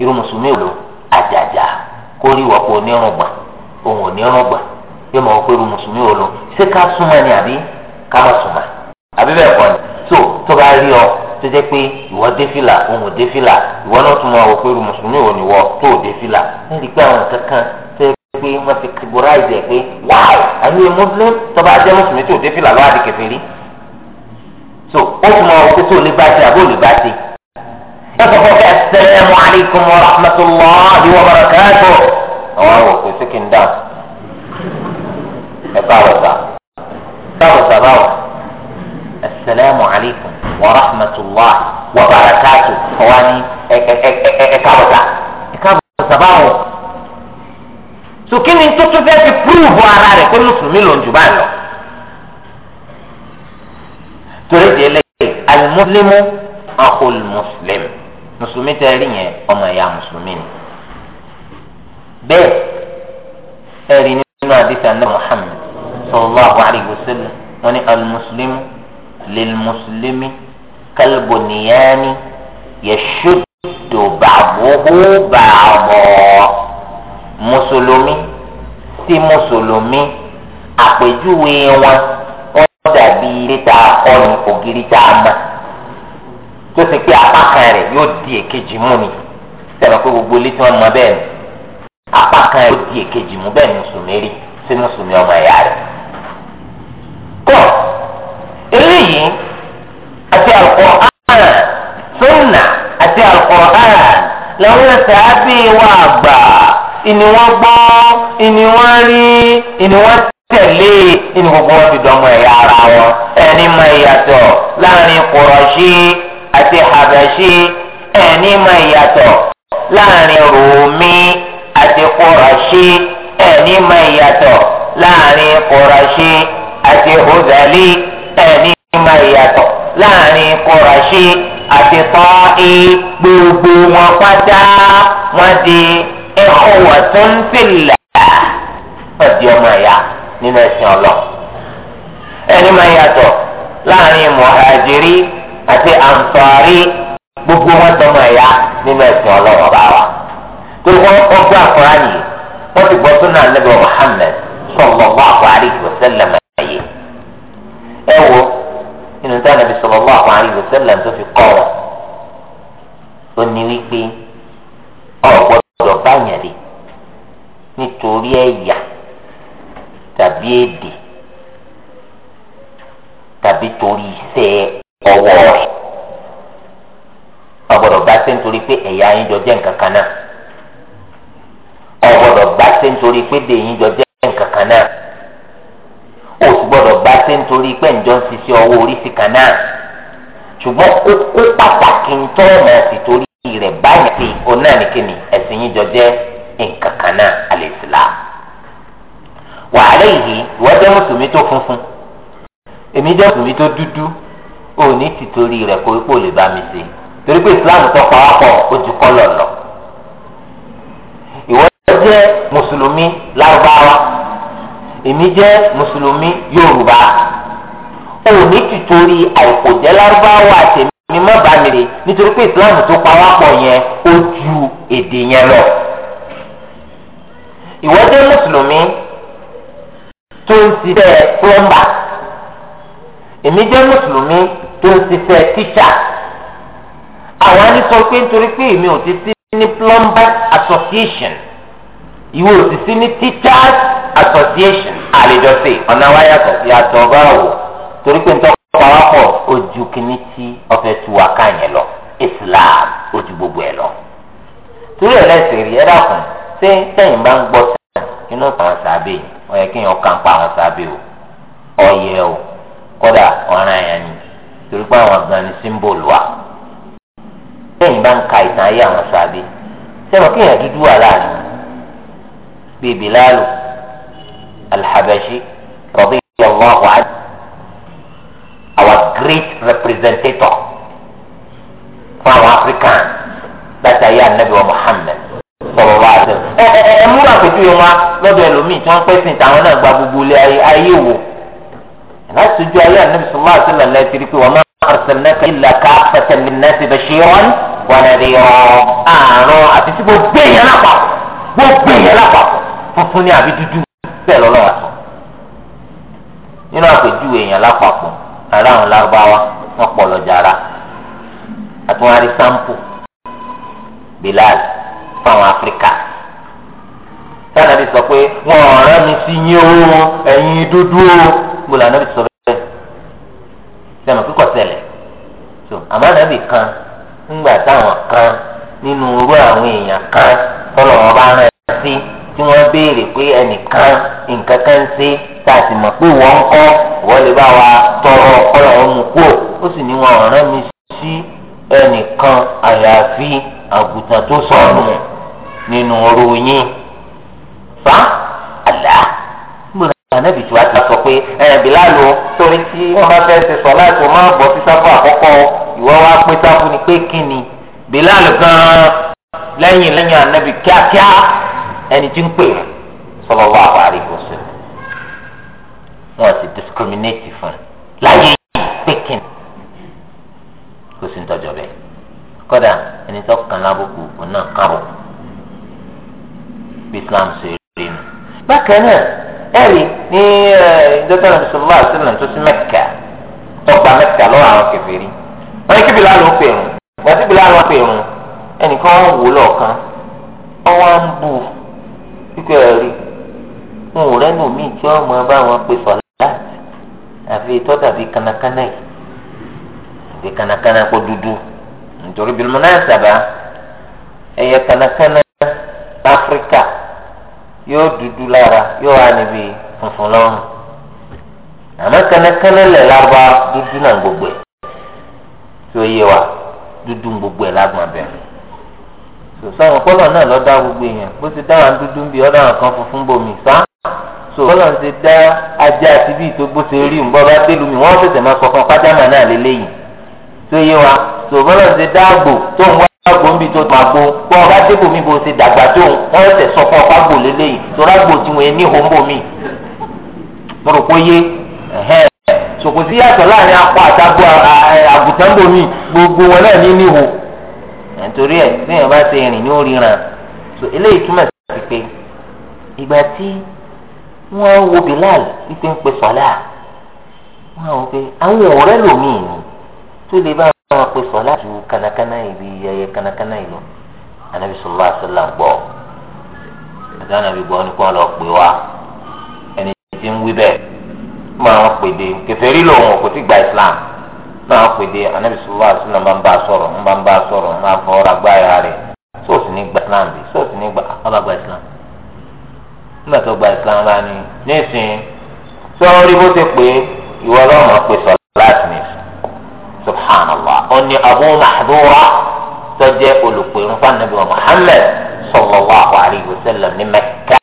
irú mùsùlùmí wò lò àjàjà kó rí ìwọ́pọ̀ onírùngbà ohun onírùngbà yóò mọ̀ pé irú mùsùlùmí wò lò ṣé ká súnmọ́ ni àbí ká má súnmọ́ àbí bẹ́ẹ̀ kọ́ ni tó tó bá rí ọ tó jẹ́ pé ìwọ dé fìlà ohun ò dé fìlà ìwọ náà tún mọ̀ wò pé irú mùsùlùmí wò ni wọ́ tó dé fìlà ẹ̀ wọ́n ti categorize ẹ̀ pé wáò àní muslim tọ́ba ajẹ́ mùsùlùmí tí ò dé fìlà lọ́wọ́ àdìkẹfẹ́ rí so ó tún mọ òkú tó lè bá ṣe àbó lè bá ṣe. wọ́n sọ fún ẹ sẹ́mu aleykum wa rahmatulahi wa barakatu. àwọn àwọn òkú sí kí n dà ẹ bá wọ̀ sá bá wọ̀ sá bá wọ̀ asalaamu aleykum wa rahmatulahi wa barakatu. ọ̀wá ni ẹ̀ka bọ̀ sá ẹ̀ka bọ̀ sá bá wọ̀ tó kí ni tó tún fẹ́ fi púrúùbù ara rẹ̀ pé mùsùlùmí ló ń jù báyìí lọ. torí di eléyìí alimuslimu akol muslim mùsùlùmí tẹ rí yẹn ọmọ ẹ̀yà mùsùlùmí ni. bẹ́ẹ̀ ẹ rí nínú àdìsá náà Muhammad sallallahu alayhi wa wọn ni alimuslimu lilmuslimi kalboniyani yashudu ba'duhu ba'dahu mùsùlùmí sí mùsùlùmí àpèjúwe wọn wọn dàbí ilé tá ni ògiri tá a mọ̀ tó ti pé apá kan rẹ̀ yóò di èkejì mú ni sẹ́nu pé gbogbo ilé tí wọ́n mọ bẹ́ẹ̀ ni apá kan rẹ̀ yóò di èkejì mú bẹ́ẹ̀ ni mùsùlùmí rí sí mùsùlùmí ọmọ ẹ̀yà rẹ̀. kọ́ eléyìí àti Al-Qur'an sunna àti Al-Qur'an làwọn ẹ̀sẹ̀ á bí wọ́n àgbà ìní wọ́n gbọ́ ìní wọ́n rí ìní wọ́n tẹ̀lé ìní gbogbo wọn ti dọ́mọ ẹ̀yà ara wọn ẹni mọ ìyàtọ̀ láàrin kùrọ̀ṣí àti àbẹ̀ṣí ẹni mọ ìyàtọ̀ láàrin rùmí àti kùrọ̀ṣí ẹni mọ ìyàtọ̀ láàrin kùrọ̀ṣí àti hùzẹ́lì ẹni mọ ìyàtọ̀ láàrin kùrọ̀ṣí àti tọ́í gbogbo wọn pátá wọn di ikhwatun fillah ọ̀dì ọmọ ẹ̀yà nínú ẹ̀sìn ọlọ́ ẹni máa yàtọ̀ láàrin muhajiri àti ansari gbogbo wọn tọmọ ẹ̀yà nínú ẹ̀sìn ọlọ́wọ́ bá wa tó wọn ọgbà kúránì wọn ti gbọ́ súnà níbi Muhammad sallallahu alaihi wasallam ẹ̀yẹ ẹ wo nínú tí a nàbí sallallahu alaihi wasallam tó fi kọ́ wọn bá yàn rí nítorí ẹ̀yà tàbí èdè tàbí torí iṣẹ́ ọwọ́ rẹ̀ ọgbọ́dọ̀ bá ṣe nítorí pé ẹ̀yà yín jọ jẹ́ nǹkan kan náà ọgbọ́dọ̀ bá ṣe nítorí pé èdè yín jọ jẹ́ nǹkan kan náà òsì gbọ́dọ̀ bá ṣe nítorí pé ǹjọ́ ń ṣiṣẹ́ ọwọ́ oríṣi kan náà ṣùgbọ́n kókó pàtàkì ń tọ́ ọ̀nà àti torí rẹ̀ báyìí ti òun náà ní kíni ẹ̀sìn yín jọ jẹ́ nǹkan kan náà al-Islam. wàhálà yìí ìwọ jẹ́ mùsùlùmí tó funfun èmi jẹ́ mùsùlùmí tó dúdú òní ti torí rẹ̀ kó ipò lè bá mi ṣe torí pé Islam tó pa wá pọ̀ ojú kọ́ lọ̀lọ̀ ìwọ jẹ́ mùsùlùmí lárúbáwá èmi jẹ́ mùsùlùmí yorùbá òní ti torí àìkòjẹ́ lárúbáwá àtẹ̀mí ni má bàa mèrè nítorí pé islam tó pa wá pọ̀ yẹn ó ju èdè yẹn lọ. ìwọ jẹ́ mùsùlùmí tó ń ṣiṣẹ́ plọ́mbà èmi jẹ́ mùsùlùmí tó ń ṣiṣẹ́ tíṣà àwọn á pé nítorí pé èmi ò ti sí ní plumbers association ìwé òsìsí ní teachers association àlejòsè ọ̀nà wáyàtọ̀ yàtọ̀ báwò torí pé nítorí parapọ̀ ojú kìíní tí ọ̀fẹ́ tu wá káyẹn lọ islam ojú gbogbo ẹ̀ lọ. torí ẹ̀ lẹ́sìn rí ẹ dàkún ṣé tẹ̀yìn bá ń gbọ́ sẹ́yìn inú àwọn sábẹ́ yìí ó yẹ kéèyàn kàn pa àwọn sábẹ́ o ọ̀yẹ́ o kódà ọ̀ràn àyàn ni torí pé àwọn gan ni símbòlù wa. tẹ̀yìn bá ń ka ìtàn ayé àwọn sábẹ́ sẹ́wọ̀n kéèyàn dúdú wà láàrin bíi Bilalu al-Habashi radiyallahu anhu our great representator fún àwọn African láti ayé anabi wa Muhammad sọ̀rọ̀ wa àti ẹ ẹ ẹ múra àpèjúwe wa lọ́dọ̀ ẹlòmíì tí wọ́n pẹ́ sìn táwọn náà gba gbogbo ilé ayé ayé wò láti ojú ayé anabi sọ̀rọ̀ àti lọ́lá ẹ ti rí pé wọ́n máa arsalnaka illa kaffatan linnasi bashiran wa nadhira àrùn àti tí gbogbo èèyàn lápapọ̀ gbogbo èèyàn lápapọ̀ funfun ní àbí dúdú bẹ́ẹ̀ lọ́lọ́wọ́ àtọ̀ nínú àpèjúwe èèyàn lápapọ̀ ara àwọn lárúbáwá wọn pọ̀ lọ́jà ara àtúwárí sampo bilal fáwọn áfíríkà sanabi sọ pé wọn ọ̀rẹ́ mi sí yín o ẹ̀yin dúdú o gbọ́dọ̀ anabi sọ bẹ́ẹ̀ sẹ́mi kíkọ̀ sẹlẹ̀ tó àmọ́ anabi kan ńgbà táwọn kan nínú irú àwọn èèyàn kan tọ́lọ̀ wọn bá rẹ̀ sí tí wọ́n béèrè pé ẹnìkan nǹkan kan ṣe tá a sì mọ̀ pé wọ́n ń kọ́ wọ́n lè bá wa tọrọ ọpọlọ ọmú kúò ó sì ní wọn ọ̀ràn mi sí ẹnìkan àyàfi àgùntàn tó sọnù nínú ròyìn fa àlá gbọ́dọ̀ ànábì tí wàá ti sọ pé ẹ̀rìn bí láàlú torí tí wọ́n bá fẹ́ ṣe sọ láti wọ́n máa bọ̀ sí sáfù àkọ́kọ́ ìwọ́ wa pín sáfù ni pé kí ni bí láàlú gan-an lẹ́yìn lẹ́yìn ànábì kíákíá ẹni tí ń pè rẹ̀ sọlọ wà wà rí kò sí wọn ti discriminate fún un láyé pékin kò sí ntọ́jọ́ bẹ́ẹ̀ kódà ẹni tó kàn lábùkù òun náà kárò bí Islam ṣe rí nu. bákan náà ẹ̀rí ní dókítà náà sọlá àṣìlẹ̀ tó sí Mẹ́kà tọ́gbà Mẹ́kà lọ́wọ́ àwọn kèfèrí wọ́n ní kí ló pè wọ́n ti Bilal ló pè rùn ẹnìkan wọ́n wò lọ́ọ̀kan ọwọ́ ń bù pípẹ́ ẹ̀rí ohun rẹ nù mí tí wọ́n máa bá wọn pe sọ̀lá àfi tọ́jà bíi kanakana yìí àfi kanakana kó dúdú nítorí bí mo náà sábà ẹ̀yẹ kanakana áfíríkà yóò dúdú lára yóò wá níbi funfun lọ́rùn àmọ́ kanakana lẹ̀ lába dúdú náà gbogbo ẹ̀ tí ó yé wa dúdú gbogbo ẹ̀ lágbọ̀n bẹ̀rẹ̀ so sáwọn kọlọ náà lọ dá gbogbo èèyàn bó ti dá àwọn dúdú ń bi ọdọ àwọn kan funfun bomi sá so kọlọ ti dá ajá àti bíi tó bó ṣe rí nbọ bá dé lumi wọn fẹsẹ̀ máa kọkan pátámà náà lélẹyìn tó yé wa so kọlọ ti dá àgbò tó ń wá àgbò ń bi tó máa gbó bọ ọba dé bomi bó ṣe dàgbà tó wọn fẹsẹ̀ sọ fún ọba gbò lélẹyìn tó rágbò tí wọn ní hó ń bomi mo rò pé yé ẹhẹn sòkòtì yàtọ̀ láàrin akọ àtàgbọ àgùtàn bomi gbogbo wọn náà ní níhò nítorí ẹ̀ bí èèyàn bá ṣe rìn ní oríran so eléyìí túmọ̀ sí pé ìgbà tí wọ́n wo Bilal wípé ń pe sọ́lá wọ́n àwọn pé àwọn ọ̀rẹ́ lòmíì ni tó lè bá wọn pe sọ́lá ju kanakana ibi ẹyẹ kànákànná ìlú anabi sọlá sọlá gbọ́ ẹ̀dá anabi gbọ́ nípa lọ pè wá ẹni tí ń wí bẹ́ẹ̀ mọ àwọn pèdè kèfèrí lòun kò ti gba Islam náà pè dé anabi sọlá àti náà máa ń bá a sọ̀rọ̀ ń máa ń bá a sọ̀rọ̀ ń máa fọwọ́ra gbáyà rẹ̀ sóòtù ní gba islam bí sóòtù ní gba ọba gba islam nígbà tó gba islam bá ní nísìnyí sọ́ọ́rí bó ti pè ìwọ lọ́mọ pé sọ̀láàtì ní subhanallah ó ní abu mahdura tó jẹ́ olùpẹ̀rún fanabi wa muhammed sallallahu alayhi wa ní mẹ́kà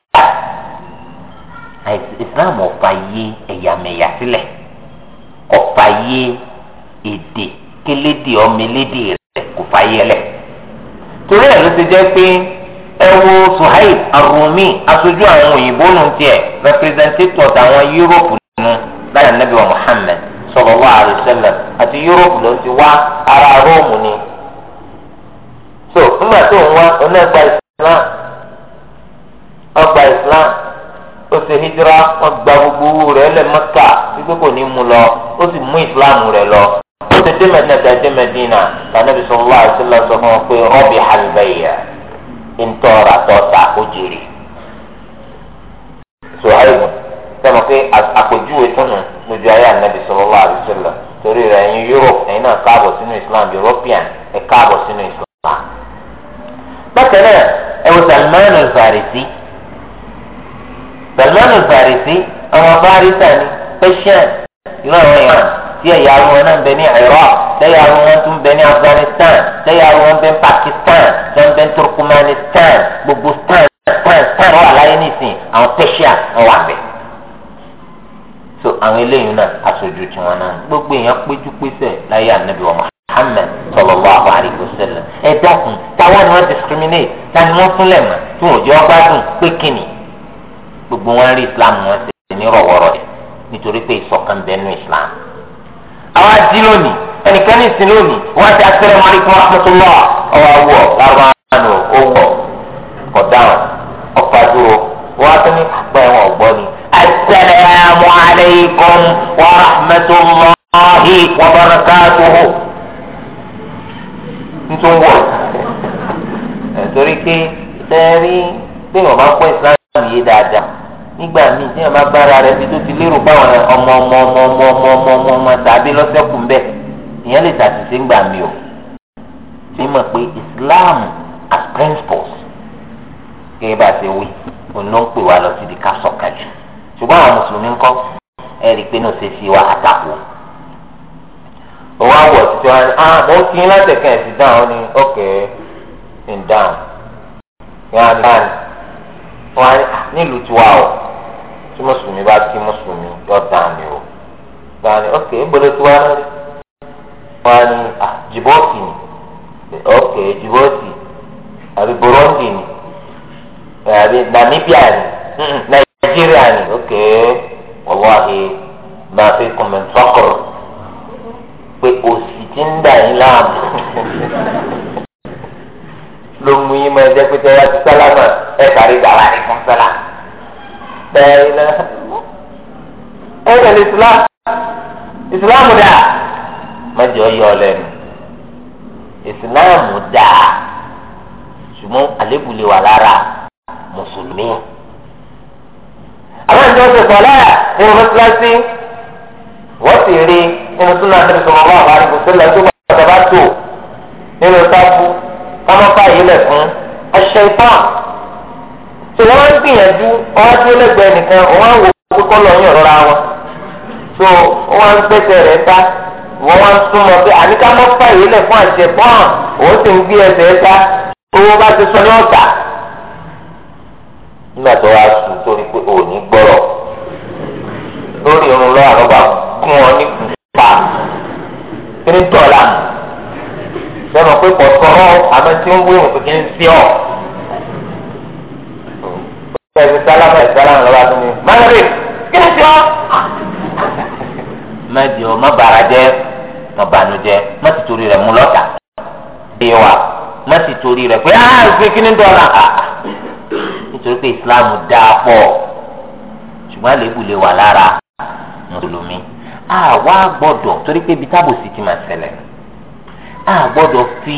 islam ọ̀fà yé ẹ̀yàmẹ̀yà sílẹ̀ ọ̀fà yé èdè kélédè ọmọ elédè rẹ̀ kò fàyẹlẹ̀ torí ẹ̀ ló ti jẹ́ pé ẹ wo Suhaib Arumi aṣojú àwọn òyìnbó nù tiẹ̀ representative àwọn Yúróòpù nínú láyé nàbí wa Muhammad sallallahu alaihi wasallam àti Yúróòpù ló ti wá ara Róòmù ni so nígbà tó ń wá onígbà Islam ọgbà Islam ó ṣe hijira wọn gba gbogbo owó rẹ̀ lẹ Mẹ́kà wípé kò ní mú lọ ó sì mú Islam rẹ̀ lọ bó ti dé mẹdínà tí a dé mẹdínà lànàbí sọlá àṣìlá sọ fún wọn pé rọbì halbẹyà ntọ́ra tọ́ta ó jèrè sòhálùmù sọmọ pé àpèjúwe túnú lójú ayé ànàbí sọlá àṣìlá torí rẹ̀ ẹ̀yin Europe ẹ̀yin náà káàbọ̀ sínú Islam European ẹ káàbọ̀ sínú Islam bákan náà ẹ Salman al-Farisi Salman al-Farisi àwọn Farisa ni Persian ìlú àwọn ìran tí ẹ̀yà arúgbó náà ń bẹ ní Iraq lẹ́yà arúgbó náà tún bẹ ní Afghanistan lẹ́yà arúgbó ń bẹ ní Pakistan lẹ́yà bẹ ní Turkmenistan gbogbo stan stan stan wà láyé nìsín àwọn Persia wà bẹ̀. so àwọn eléyìí náà aṣojú tiwọn náà gbogbo èèyàn péjú pésẹ̀ láyé ànábì wa Muhammad sallallahu alaihi wasallam ẹ dákun táwa ni wọn discriminate tani wọn fúnlẹ̀ mọ́ tí wọn ò jẹ́ ọgbádùn pé kìnnì gbogbo wọn rí Islam wọn ṣe nírọ̀wọ́rọ̀ nítorí pé ìṣọ̀kan bẹ́ẹ̀ nù Islam àwa jí lónìí ẹnìkan ní ìsìn lónìí wọn àti asẹrẹ mọlẹkùn akpọtọlọ ọwọ awọ lárúbá nù owó kọdáwọn ọkọ àdúró wọn àti ní àgbà ẹwọn ọgbọ ni. asalaamu alaykum wa rahmatulahi wa barakatuhu. nítorí wọ ẹ torí pé sẹ́ẹ̀rí bí wọn bá kó ìsìlámù yìí dáadáa nígbà míì tí yẹn bá gbára rẹ bí tó ti lérò báwọn ọmọ ọmọ ọmọ ọmọ ọmọ ọmọ ọmọ ọmọ tàbí lọ́sẹ̀kùn bẹ́ẹ̀ ìyẹn lè ṣàṣìṣe ńgbà mí o tí mọ̀ pé Islam as principles kí bá ṣe wí òun ló ń pè wá lọ síbi ká sọ̀kàjù ṣùgbọ́n àwọn mùsùlùmí ń kọ́ ẹ rí i pé náà ṣe fi wá àtàkù òun á wọ̀ títí wọn á mọ̀ ó ti ń látẹ̀kẹ́ ẹ̀ sí dáhùn ní okay in yàrá ní wọn á ah, nílùú tiwa o tí mùsùlùmí bá kí mùsùlùmí yọ dání o dání ok gbọ́dọ̀ tí wàá rí wàá ní à jìbọ́ọ̀tì ni ok jìbọ́ọ̀tì àbí burundi ni àbí namibia ni hmm, nàìjíríà ni ok wàláhi máa fi kùnmẹ̀ sọ́kọ̀rọ̀ pé òsì ti ń dà yín láàmú ló mú yín mọ ẹjẹ pé tẹ ẹ ti sálámà ẹ kàrí dàrá ní fún sálámà bẹ́ẹ̀ ilẹ̀ ẹ̀rẹ̀ islam islam dà mẹ́jọ yọ ọ lẹ́nu islam dà ṣùgbọ́n àlébù lè wà lára mùsùlùmí. àwọn ìjọ ṣe sọ̀lá nínú mọ́sálásí wọ́n sì rí nínú súnà àtẹ̀lẹ́ sọ̀rọ̀ wọn àwọn àdìgbò sílẹ̀ tó bá tọ́ bá tò nínú sáfù kámọ́fà yìí lẹ̀ ọṣẹ ìtàn. tó wọ́n ń gbìyànjú ọwọ́ tó lẹ́gbẹ̀ẹ́ nìkan wọ́n á wò ó kọ́ lọ yàn rọra wọn tó wọ́n ń gbẹ́sẹ̀ rẹ̀ ta wọ́n wá ń súnmọ́ pé àníká mọ́ fàyè lẹ̀ fún àṣẹ pọ́n òun sì ń gbé ẹsẹ̀ ta owó bá ti sọ ní ọ̀tà nígbà tó wá sùn torí pé òní gbọ́rọ̀ lórí irun lọ́wọ́ ọ pa kí pé pẹ̀lú sálámà ìsálámà lọ́wọ́ tó ní mọ́lẹ́rì kí ni tí wọ́n. mẹ́jọ má bàrà jẹ́ má bànú jẹ́ má ti torí rẹ̀ mú lọ́tà. ẹ̀yẹ wa má ti torí rẹ̀ pé áá ìpè kí ni dọ́là. nítorí pé Islam dáa pọ̀ ṣùgbọ́n àlébù lè wà lára mùsùlùmí. a wá gbọ́dọ̀ torí pé ibi tábòsí ti máa ṣẹlẹ̀ a gbọ́dọ̀ fi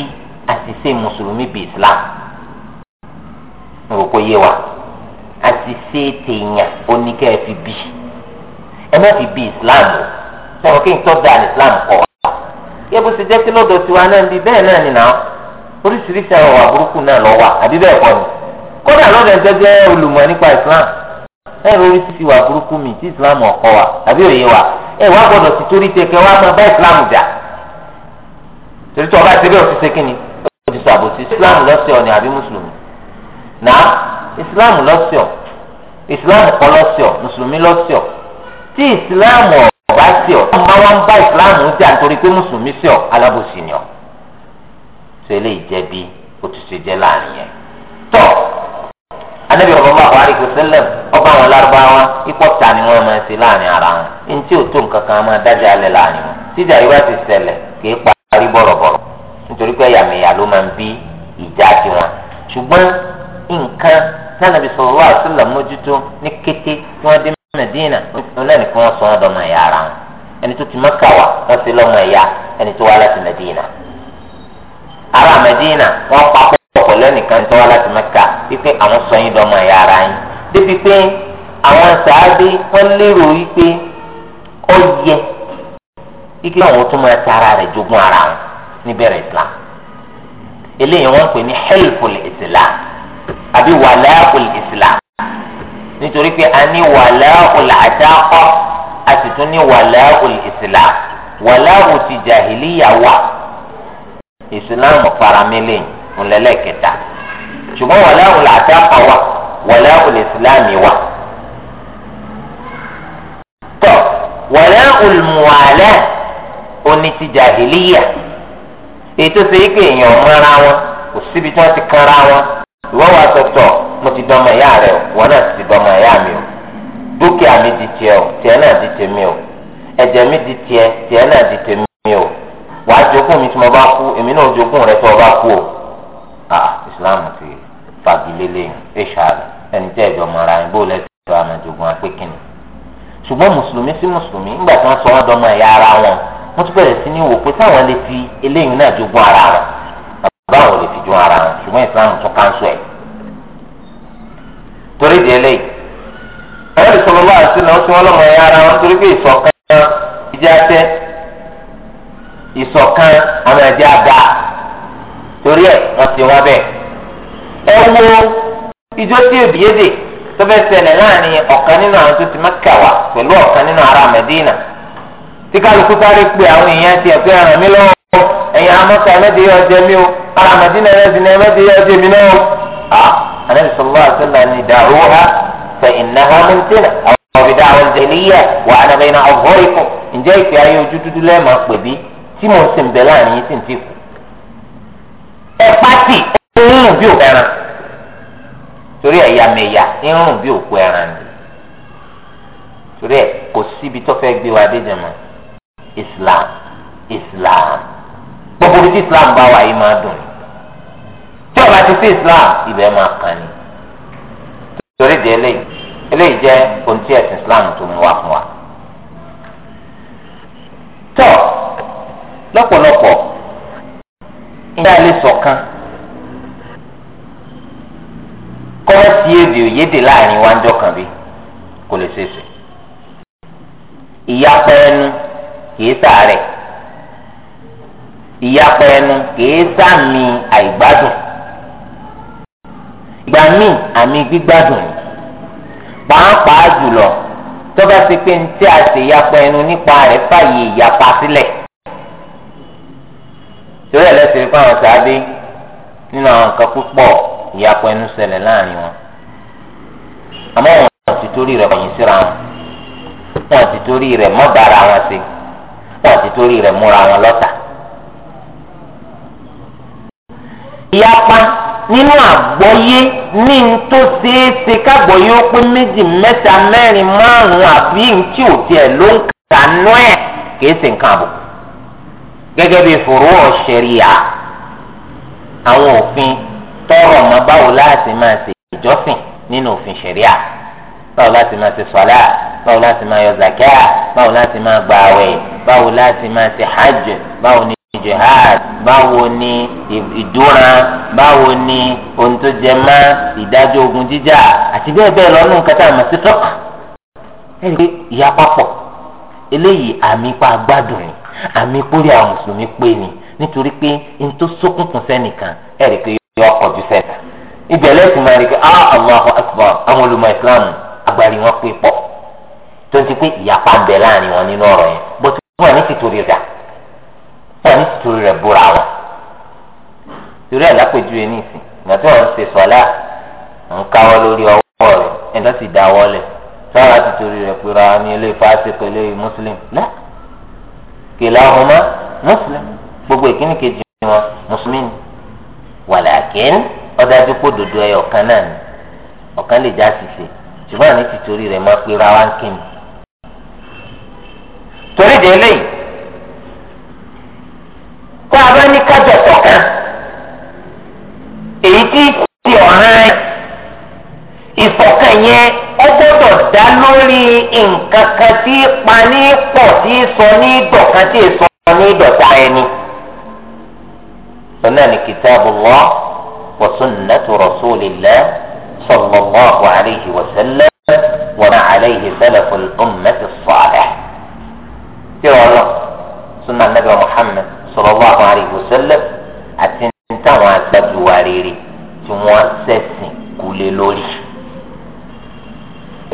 àṣìṣe mùsùlùmí bí Islam. mo rò pé yé wa àṣìṣe tèèyàn oníkẹ́ ẹ fi bí ẹ má fi bí islam o sọ̀rọ̀ kí n tọ́ da islam kọ̀ wá. yẹ bó ṣe jẹ́ kí lọ́dọ̀ tiwa náà ń bí bẹ́ẹ̀ náà nìyà oríṣiríṣi àwọn ọ̀wà burúkú náà lọ wà àbí bẹ́ẹ̀ kọ́ ni kódà lọ́dọ̀ ẹ̀jẹ̀ jẹ́ olùmọ̀ nípa islam ẹ lórí títí wà burúkú mi tí islam ọ̀kọ́ wa àbí òye wa ẹ wá gbọ́dọ̀ ti torí tẹ̀kẹ́ wá máa bá islam jà torí tí ọba ti bẹ́ẹ̀ ni ó ti sọ islam lọ́sẹ̀ ọ̀nì àbí mùsùlùmí náà islam lọ́sọ̀ islam kọ́ lọ́sọ̀ mùsùlùmí lọ́sọ̀ tí islam ọ̀bá sí ọ ọmọ wa ń bá islam jà nítorí pé mùsùlùmí sí ọ alábòsí ni ọ tó eléyìí jẹ bí o ti ṣe jẹ láàrin yẹn tọ anabi sallallahu alaihi wasallam ọba àwọn alárúbáwá ipò ta ni wọn máa ṣe láàrin ara wọn ntí ò tó nǹkan kan máa dájà alẹ láàrin wọn tíjà yìí bá ti ṣẹlẹ̀ kì í parí bọ̀rọ̀bọ̀rọ̀ nítorí pé ẹ̀yàmẹ̀yà ló máa ń bí ìjà tiwọn ṣùgbọ́n nǹkan tánàbí sọ̀rọ̀ wá àtúnlà mójútó ní kété tí wọ́n dé mẹ́dínà náà nìkan wọ́n sọ ọ́ dọ́mọ ẹ̀yà ara wọn ẹni tó ti Mẹ́kà wá wọ́n sì lọ́mọ ẹ̀yà ẹni tó wá láti mẹ́dínà ará mẹ́dínà wọ́n pa pọ̀ lẹ́nìkan tó wá láti Mẹ́kà wípé àwọn sọ yín dọ́mọ ẹ̀yà ara yín débi pé àwọn sàádé wọ́n lérò wípé ó yẹ ike àwọn tó máa tara rẹ̀ jogún ara wọn níbẹ̀rẹ̀ Islam eléyìí wọ́n pè ní helpful Islam àbí wàláhùl islam nítorí pé a ní wàláhùl àdáhọ́ a sì tún ní wàláhùl islam wàláhùl ti jàhìlíyà wà ìsìláàmù faramílẹ̀ ńlẹ́lẹ́kẹta ṣùgbọ́n wàláhùl àdáhọ́ wà wàláhùl islam wà. tọ́ wàláhùl muwàlẹ́ oní ti jàhìlíyà ètò ṣe èèyàn mọ́ra wọn kò síbi tí wọ́n ti kanra wọn. ìwọ wa sọ mo ti dọmọ ìyá rẹ o wọn náà ti dọmọ ìyá mi o dúkìá mi di tie o tiẹ náà di tèmi o ẹ̀jẹ̀ mi di tiẹ tiẹ náà di tèmi o wàá jogún mi tí mo bá kú èmi náà jogún rẹ tí mo bá kú o islam ti fagi hr ẹni tẹ ẹjọ mọra ẹ bóòlù ẹsẹ tó àmà jogún apékinì ṣùgbọ́n mùsùlùmí sí mùsùlùmí sọ wọ́n dọmọ ara wọn wọ́n ṣùgbọ́n ìsìlámù tún káńsù ẹ̀ torí di eléyìí ẹ̀rọ ìṣòro wà sí náà tí wọ́n lọ́mọ ẹ̀yà ara wọn torí pé ìṣọ̀kan ìdí àtẹ ìṣọ̀kan àwọn ẹ̀dí àdá torí ẹ̀ wọ́n ti wá bẹ́ẹ̀ ẹ wo ìjọ tí èbìyédè tó fẹ́ ṣẹlẹ̀ láàrin ọ̀kan nínú àwọn tó ti Mẹ́kà wá pẹ̀lú ọ̀kan nínú ará Mẹ́dínà tí kálukú sáré pé àwọn èèyàn ti ẹ̀ ẹ̀ràn mi lọ́wọ́ ẹ̀yìn amọ́ta ẹlẹ́dẹ̀ẹ́ ọjẹ́ mi o ara Madina yẹn ti ní ẹ mẹ́tì yẹn ti mi náà a anabi sọlá àtẹlẹ ni da'uha fa innaha min tina àwọn ọ̀bì da'wa al-jahiliyya wà á nàbẹ́yìn náà ọ̀gọ́rì kù ǹjẹ́ ìpè ayé ojú dúdú lẹ́ẹ̀ máa pè bí tí mo sì ń bẹ láàrin yìí sì ń tì kù. ẹ pàtì irun bí òkú ẹran torí ẹ̀yà mẹ̀yà irun bí òkú ẹran ni torí ẹ kò síbi tó gbé wa dé jẹ̀mọ́ Islam Islam gbogbo bí islam bá wà yìí máa dùn tí ọba ti sí islam ibẹ̀ máa kàn ní. torí di eléyìí eléyìí jẹ́ ohun tí ẹ̀sìn islam tó mú wa fún wa. tọ́ lọ́pọ̀lọpọ̀ ìyá ilé ṣọ̀kan kọ́ọ̀tì èdè òyédè láàrin wájọ́ kan bí kò lè ṣeéṣe. ìyá pẹ́ẹ́nu kì í sáré ìyapa ẹnu kìí sàmì àìgbádùn ìgbà míì àmì gbígbádùn ni pàápàá jùlọ tó bá ṣe pé ntí a ṣe ìyapa ẹnu nípa rẹ̀ fàyè ìyapa sílẹ̀ torí ẹ̀ lẹ́sìn fún àwọn sáadé nínú àwọn nǹkan púpọ̀ ìyapa ẹnu ṣẹlẹ̀ láàrin wọn àmọ́ wọn ti torí rẹ̀ kọ̀yìn síra wọn wọn ti torí rẹ̀ mọ́ dára wọn sí wọn ti torí rẹ̀ múra wọn lọ́tà. ìyapa nínú àgbọ́yé ní n tó ṣeé ṣe kágbọ́yé ó pé méjì mẹ́ta mẹ́rin márùn-ún àbí ntí ò tiẹ̀ ló ń kà ẹ̀ kìí ṣe nǹkan àbò gẹ́gẹ́ bí furu' sharia àwọn òfin tọrọ mọ́ báwo láti máa ṣe ìjọsìn nínú òfin sharia báwo láti máa ṣe sọlá báwo láti máa yọ zakia báwo láti máa gbààwẹ̀ báwo láti máa ṣe hajj báwo ni jihad báwo ni ìdúrà báwo ni ohun tó jẹ mọ́ ìdájọ́ ogun jíjà àti bẹ́ẹ̀ bẹ́ẹ̀ lọ́nù kẹta àmọ́ sí tọ́kà ẹni pé ìyapa pọ̀ eléyìí àmì ipa gbádùn ni àmì ìpórí àwọn mùsùlùmí pé ni nítorí pé n tó sókùnkùn sẹ́nìkan ẹ̀rí pé yọ ọkọ̀jú sẹ́ta ibẹ̀ lẹ́sìn máa rí pé ah Allah akbar àwọn olùmọ̀ ìsìláàmù agbárí wọn pé pọ̀ tó ti pé ìyapa ń bẹ láàrin wọn nínú ọ̀rọ̀ yẹn bó ti wọ́n ní fìtòrí rà ọ̀ ń rẹ̀ búra wọn torí ẹ̀ lápèjúwe ní ìsìn gbàtí ṣe sọ́lá ń káwọ́ lórí ọwọ́ rẹ̀ ẹ̀dá sì dáwọ́ lẹ̀ sára ti torí rẹ̀ pera ní ilé fásitì pẹ̀lú mùsùlùm náà kìlá mùsùlùm gbogbo ìkíni kejì wọn mùsùlùmí ni wàlàkín ọ̀dájú kó dodo ẹ̀ ọ̀kan náà ni ọ̀kan lè já ṣiṣẹ́ ṣùgbọ́n àní ti torí rẹ̀ pera wá ń tá a bá ní kájọ kọ̀ọ̀kan èyí tí ti ọ̀ràn ìfọ̀kàn yẹn ó gbọ́dọ̀ dá lórí nǹkan kan tí pa ní pọ̀ tí sọ ní dọ̀kan tí èso ní dọ̀ta ẹni. sọ́nà ní kitabullah wa sunnatu rasulillah sallallahu alayhi wa sallam wa ma alayhi salaful ummati as-salih. tí ọlọ́ sunna nabi wa sẹ́lẹ̀ àti táwọn aṣáájú wa rere tí wọ́n ṣẹ̀sìn kú lé lórí.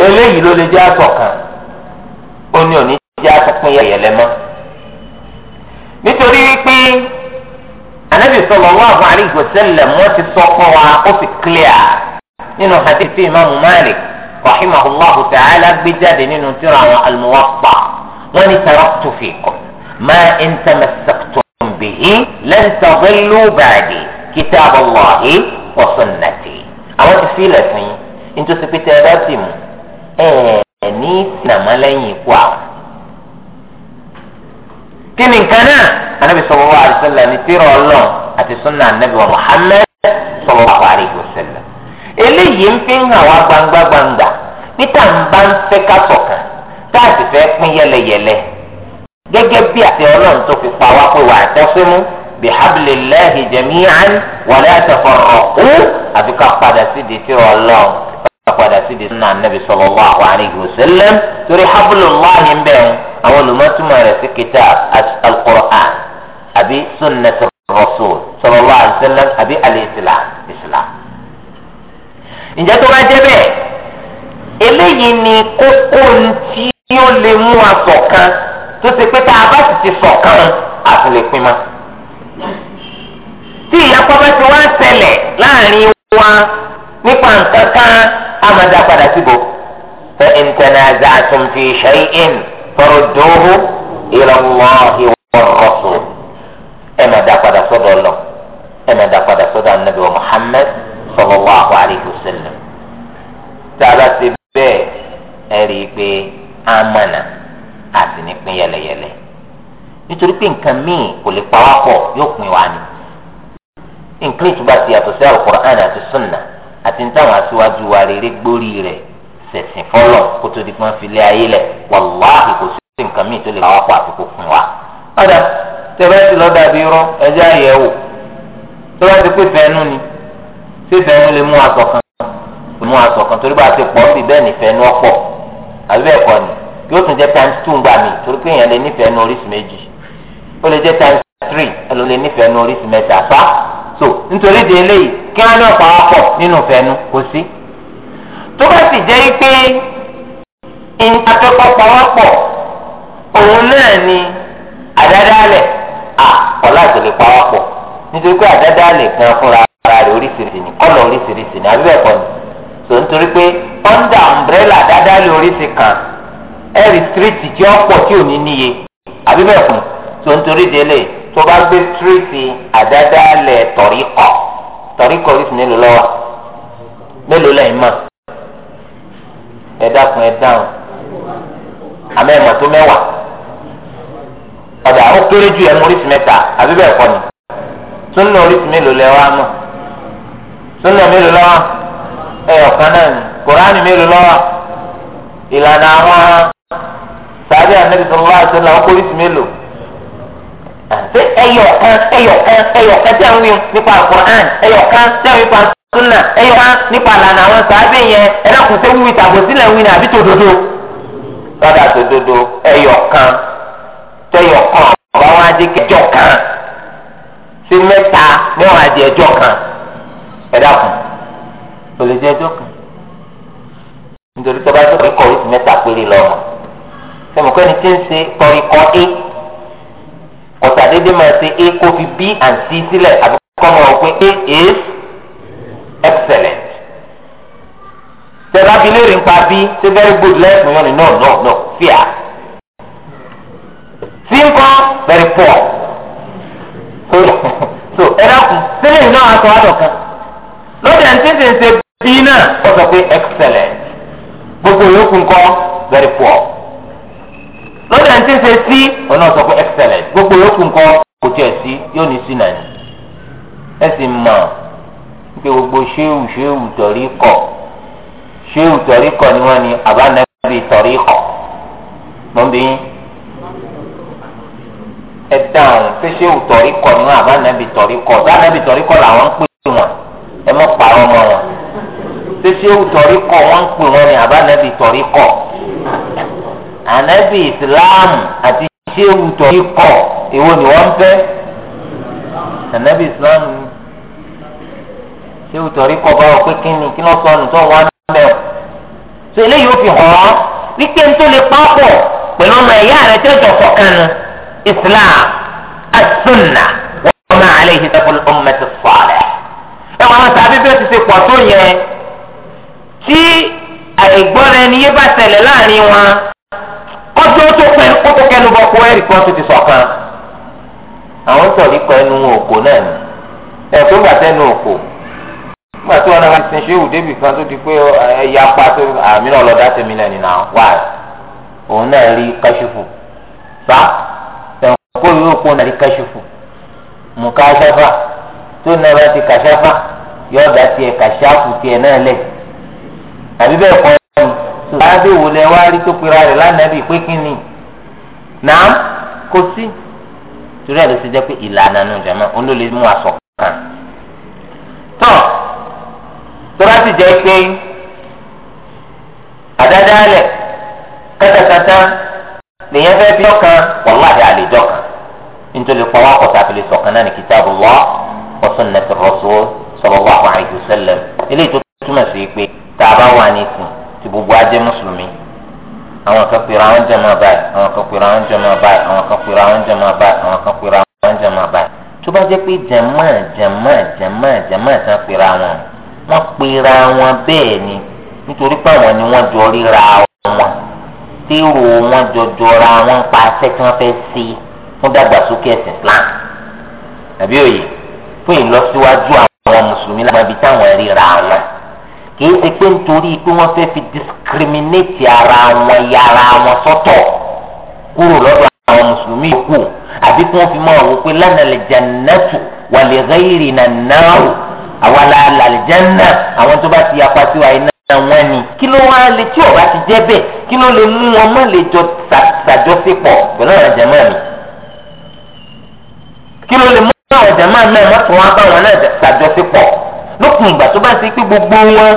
eléyìí ló lè jẹ́ àtọ̀kàn ó ní òní jẹ́ àtọ̀pín yẹ̀yẹ̀lẹ̀ mọ́. nítorí wípé ànábì sallallahu alaihi wasallam wọ́n ti sọ fún wa ó fi clear nínú hadith imaamu Malik rahimahullahu ta'ala gbé jáde nínú tírà àwọn al-Muwatta wọ́n ní taraktu fikum ma in tamassaktum lan tadillu ba'di kitab Allahi wa sunnati. àwọn ti fi ilẹ̀ fún yín nítorí pé tẹ ẹ bá sì mú ẹ ẹ ní nàmọ́lẹ́yìn ikú àwọn. kí ni nǹkan náà anábì sallallahu alaihi wasallam ní tírà Ọlọ́run àti sunna anábì wa Muhammad sallallahu alaihi wasallam. eléyìí ń fi hàn wá gbangba gbangba peter ń bá ń fẹ́ ká ṣọ̀kan tá fẹ́ pín yẹlẹyẹlẹ gẹ́gẹ́ bí àti Ọlọ́run tó fi pa wá pé wà á tẹ́sí mú bihablillahi jami'an wala tafarraqu àfi ká padà sí di tí wọn lọ ká padà sí di sunna nabi sallallahu alayhi wa sallam torí hablullahi ń bẹ̀rù àwọn olùmọ̀túnmọ̀ rẹ̀ sí kitab al-Qur'an àbí sunnat rasul sallallahu alayhi wa sallam àbí al-islam islam. ǹjẹ́ tó bá jẹ́ bẹ́ẹ̀ eléyìí ni kókó ntí ó lè mú asọ̀kan tó ti pé tá a bá sì ti sọ̀kan àti lè pín máa tí ìyapa bá ti wá ṣẹlẹ̀ láàrin wa nípa nǹkan kan amada padà síbò fa in tanaza'tum fi shay'in farudduhu ila Allahi wa rasul ẹ máa dá padà sọ́dọ̀ lọ ẹ máa dá padà sọ́dọ̀ anabi wa Muhammad sallallahu alayhi wa sallam ti bẹ́ẹ̀ ẹ rí i pé amana àti nípín yẹlẹyẹlẹ nítorí pé nǹkan míì kò lè pa wá pọ̀ yóò pin wa ni nǹkan ìtura ti yàtọ̀ sí alukur'an àti sunna àti ní táwọn aṣíwájú wa rere gbórí rẹ̀ ṣẹ̀sìn fọlọ̀ kó tó di pọ́n filẹ̀ ayé lẹ̀ wàláhì kò sí nǹkan míì tó lè wá pọ̀ àti kò fún wa. ọ̀dà tẹ̀rẹ́sì lọ́dà bí rán ẹjẹ́ àyẹ̀wò tó bá ti pé fẹ́ẹ́nu ni ṣé fẹ́ẹ́nu lè mú aṣọ kan mú aṣọ kan torí bá a ti pọ̀ sí bẹ́ẹ̀ ni fẹ́ẹ́nu ọ̀pọ̀ àbí bẹ́ẹ̀ kọ́ ni yóò tún jẹ́ times two gbà mí torí pé èèyàn lè nífẹ̀ẹ́ nu oríṣi méjì ó lè jẹ́ times three ẹ ló lè nífẹ̀ẹ́ nu oríṣi mẹ́ta pa so nítorí di eléyìí kí wọn náà pàápọ̀ nínú fẹ́nu kò sí. tó bá sì jẹ́ pé akẹ́kọ̀ọ́ pàápọ̀ òun náà ni àdádálẹ̀ à ọ̀la pàápọ̀ nítorí pé àdádálẹ̀ kan fúnra ara rẹ̀ oríṣiríṣi ni kọ́lọ̀ oríṣiríṣi ni àbí bẹ́ẹ̀ kọ́ ni so nítorí pé under umbrella àdádálẹ̀ oríṣi kan ẹ̀rí street tí ó pọ̀ tí ò ní níye àbí bẹ́ẹ̀ kọ́ ni so nítorí di eléyìí tó bá gbé tírèsì àdádálẹ̀ tọ̀ríkọ̀ tọ̀ríkọ̀ oríṣi mélòó lọ́wọ́ mélòó lẹ́yìn mọ̀ ẹ dákun ẹ dáhùn àmọ́ ẹ̀ mọ̀ tó mẹ́wàá ọ̀dà ó kéré ju ẹ̀mú oríṣi mẹ́ta àbí bẹ́ẹ̀ kọ́ ni súnà oríṣi mélòó lẹ́wọ́ àmọ́ súnà mélòó lọ́wọ́ ẹ̀ ọ̀kan náà ni kùránì mélòó lọ́wọ́ ìlànà àwọn sàbẹ̀ ànábìsọ̀ lọ́wọ́ àti ọ̀nà ó kórìṣi mélòó ṣé ẹyọ̀kan ẹyọ̀kan ẹyọ̀kan tí àwọn nípa alukur'an ẹyọ̀kan tí àwọn nípa sunna ẹyọ̀kan nípa lànà àwọn sàábẹ̀ yẹn ẹ̀rọ kò sẹ́wù ìtàgò sílẹ̀ wí ní àbí tòdodo. lọ́dà tòdodo ẹyọ̀kan tẹyọ̀kan ọ̀bá wọn á kẹjọ kan sí mẹ́ta ní wọn á ẹjọ kan ẹ̀dá kò lè di ẹjọ kan nítorí tó bá tó kọ́ ìsìn mẹ́ta péré lọ́wọ́ sẹ́mi kọ́ni tí ń ṣe kọ́ríkọ́ é kọ̀tà dédé máa ṣe a kó fi b and c sílẹ̀ àbí kọ́ máa wọ pé a is excellent. tẹ̀lá bi léèrè ń pa b ṣé very good lẹ́sìn yọ́n ni no no no fear. c very poor. so ẹ dákun sílẹ̀ yìí náà aṣọ àdọ̀ kan lóde ẹ̀ ń tètè ṣe b náà ó sọ pé excellent gbogbo yòókù ń kọ́ very poor lọ́dọ̀ ẹni tí ń ṣe sí ọ̀nà sọ pé excellent gbogbo yòókù nǹkan kò tiẹ̀ sí yóò ní sí nàní. ẹ sì mọ̀ pé gbogbo ṣéwù ṣéwù tọ̀rí kọ̀ ṣéwù tọ̀rí kọ̀ ni wọ́n ní àbánábì tọ̀rí kọ̀ mọ̀nbí ẹ dáhùn pé ṣéwù tọ̀rí kọ̀ ni wọ́n àbánábì tọ̀rí kọ̀ àbánábì tọ̀rí kọ̀ làwọn ń pè wọ́n ẹ mọ̀ pààrọ̀ mọ́ wọn ṣé ṣéwù tọ̀rí kọ̀ wọ́n ń pè wọ́n ní àbánábì tọ̀rí kọ̀ ànábì islam àti ṣéwù tó ikọ̀ èwo ni wọ́n fẹ́ ànábì islam ṣéwù tó ikọ̀ báwo pé kí ni kí ló sọ ọ́nù tó wọ́n mẹ́ o tó eléyìí ó fi hàn án wípé ń tó lè pápọ̀ pẹ̀lú ọmọ ẹ̀yà rẹ̀ tó jọ fọkàn islam as-sunna wa ma alayhi taqul ummatu salih ẹ̀ wọ́n sábẹ́ bí ó ti ṣe pọ̀ tó yẹ tí àìgbọ́ra ẹni yé bá ṣẹlẹ̀ láàrin wọn. kó ẹ̀rí kan tó ti sọ̀kan àwọn ń tọ̀rí kan ẹnu òkò náà ni ẹ̀ tó gbà sẹ́nu òkò nígbà tí wọn náà wá sin ṣéwù débì kan tó di pé ẹ̀yà apá tó àmì náà lọ́dá tèmi náà nìyà wá òun náà rí kẹ́ṣífù sá ẹ̀wọ̀n yóò kó náà rí kẹ́ṣífù mú káṣáfà tó náà bá ti kàṣáfà yóò dá tiẹ̀ kàṣáfù tiẹ̀ náà lẹ̀ àbí bẹ́ẹ̀ kọ́ ẹ̀ ní. adéwòlẹ̀ wá rí tó pera rẹ̀ lánàá bíi pé kí ni. náà kò sí torí ẹ̀ ló ti jẹ́ pé ìlànà nu jẹ́ mọ́ olólè mú aṣọ kan tọ́ tó bá ti jẹ́ pé àdádálẹ̀ kátàkátà lèyẹn fẹ́ fi ọkàn wàláhì àlejò kan nítorí pọwọ́ kọta fi lè sọ̀kan náà ní kitabullah wa sunnati rasul sallallahu alaihi wasallam eléyìí tó túmọ̀ sí pé tá a bá wà ní ìsìn tí gbogbo ajé mùsùlùmí àwọn kan pera àwọn jẹ máa báyìí àwọn kan pera àwọn jẹ máa báyìí àwọn kan pera àwọn jẹ máa báyìí àwọn kan pera àwọn jẹ máa báyìí tó bá jẹ pé jẹmọ jẹmọ jẹmọ jẹmọ ìtàn pera wọn wọn pera wọn bẹ́ẹ̀ ni nítorí pé àwọn ni wọn jọ ríra wọn tírò wọn jọjọra wọn pa àṣẹ tí wọn fẹ́ ṣe fún dàgbàsókè ẹsìn Islam àbí òye fún ìlọsíwájú àwọn mùsùlùmí lábàbí táwọn ríra wọn kìí ṣe pé nítorí pé wọ́n fẹ́ fi discriminate ara wọn yàrá wọn sọ́tọ̀ kúrò lọ́dọ̀ àwọn mùsùlùmí kù àbí kí wọ́n fi máa wò pé lánàá lè jannatu wà lè rẹ́yìrì nà àwa la làlìjánná àwọn tó bá ti yapa sí wa iná wọn ni kí ló wá lè tí ọba ti jẹ́ bẹ́ẹ̀ kí ló lè mú wọn mọ́ lè jọ ṣàjọṣepọ̀ pẹ̀lú àwọn jàmáà mi kí ló lè mú àwọn jàmáà mẹ́rin mọ́tò wọn bá wọn náà ṣàjọṣepọ̀ lókun ìgbà tó bá ń ṣe pé gbogbo wọn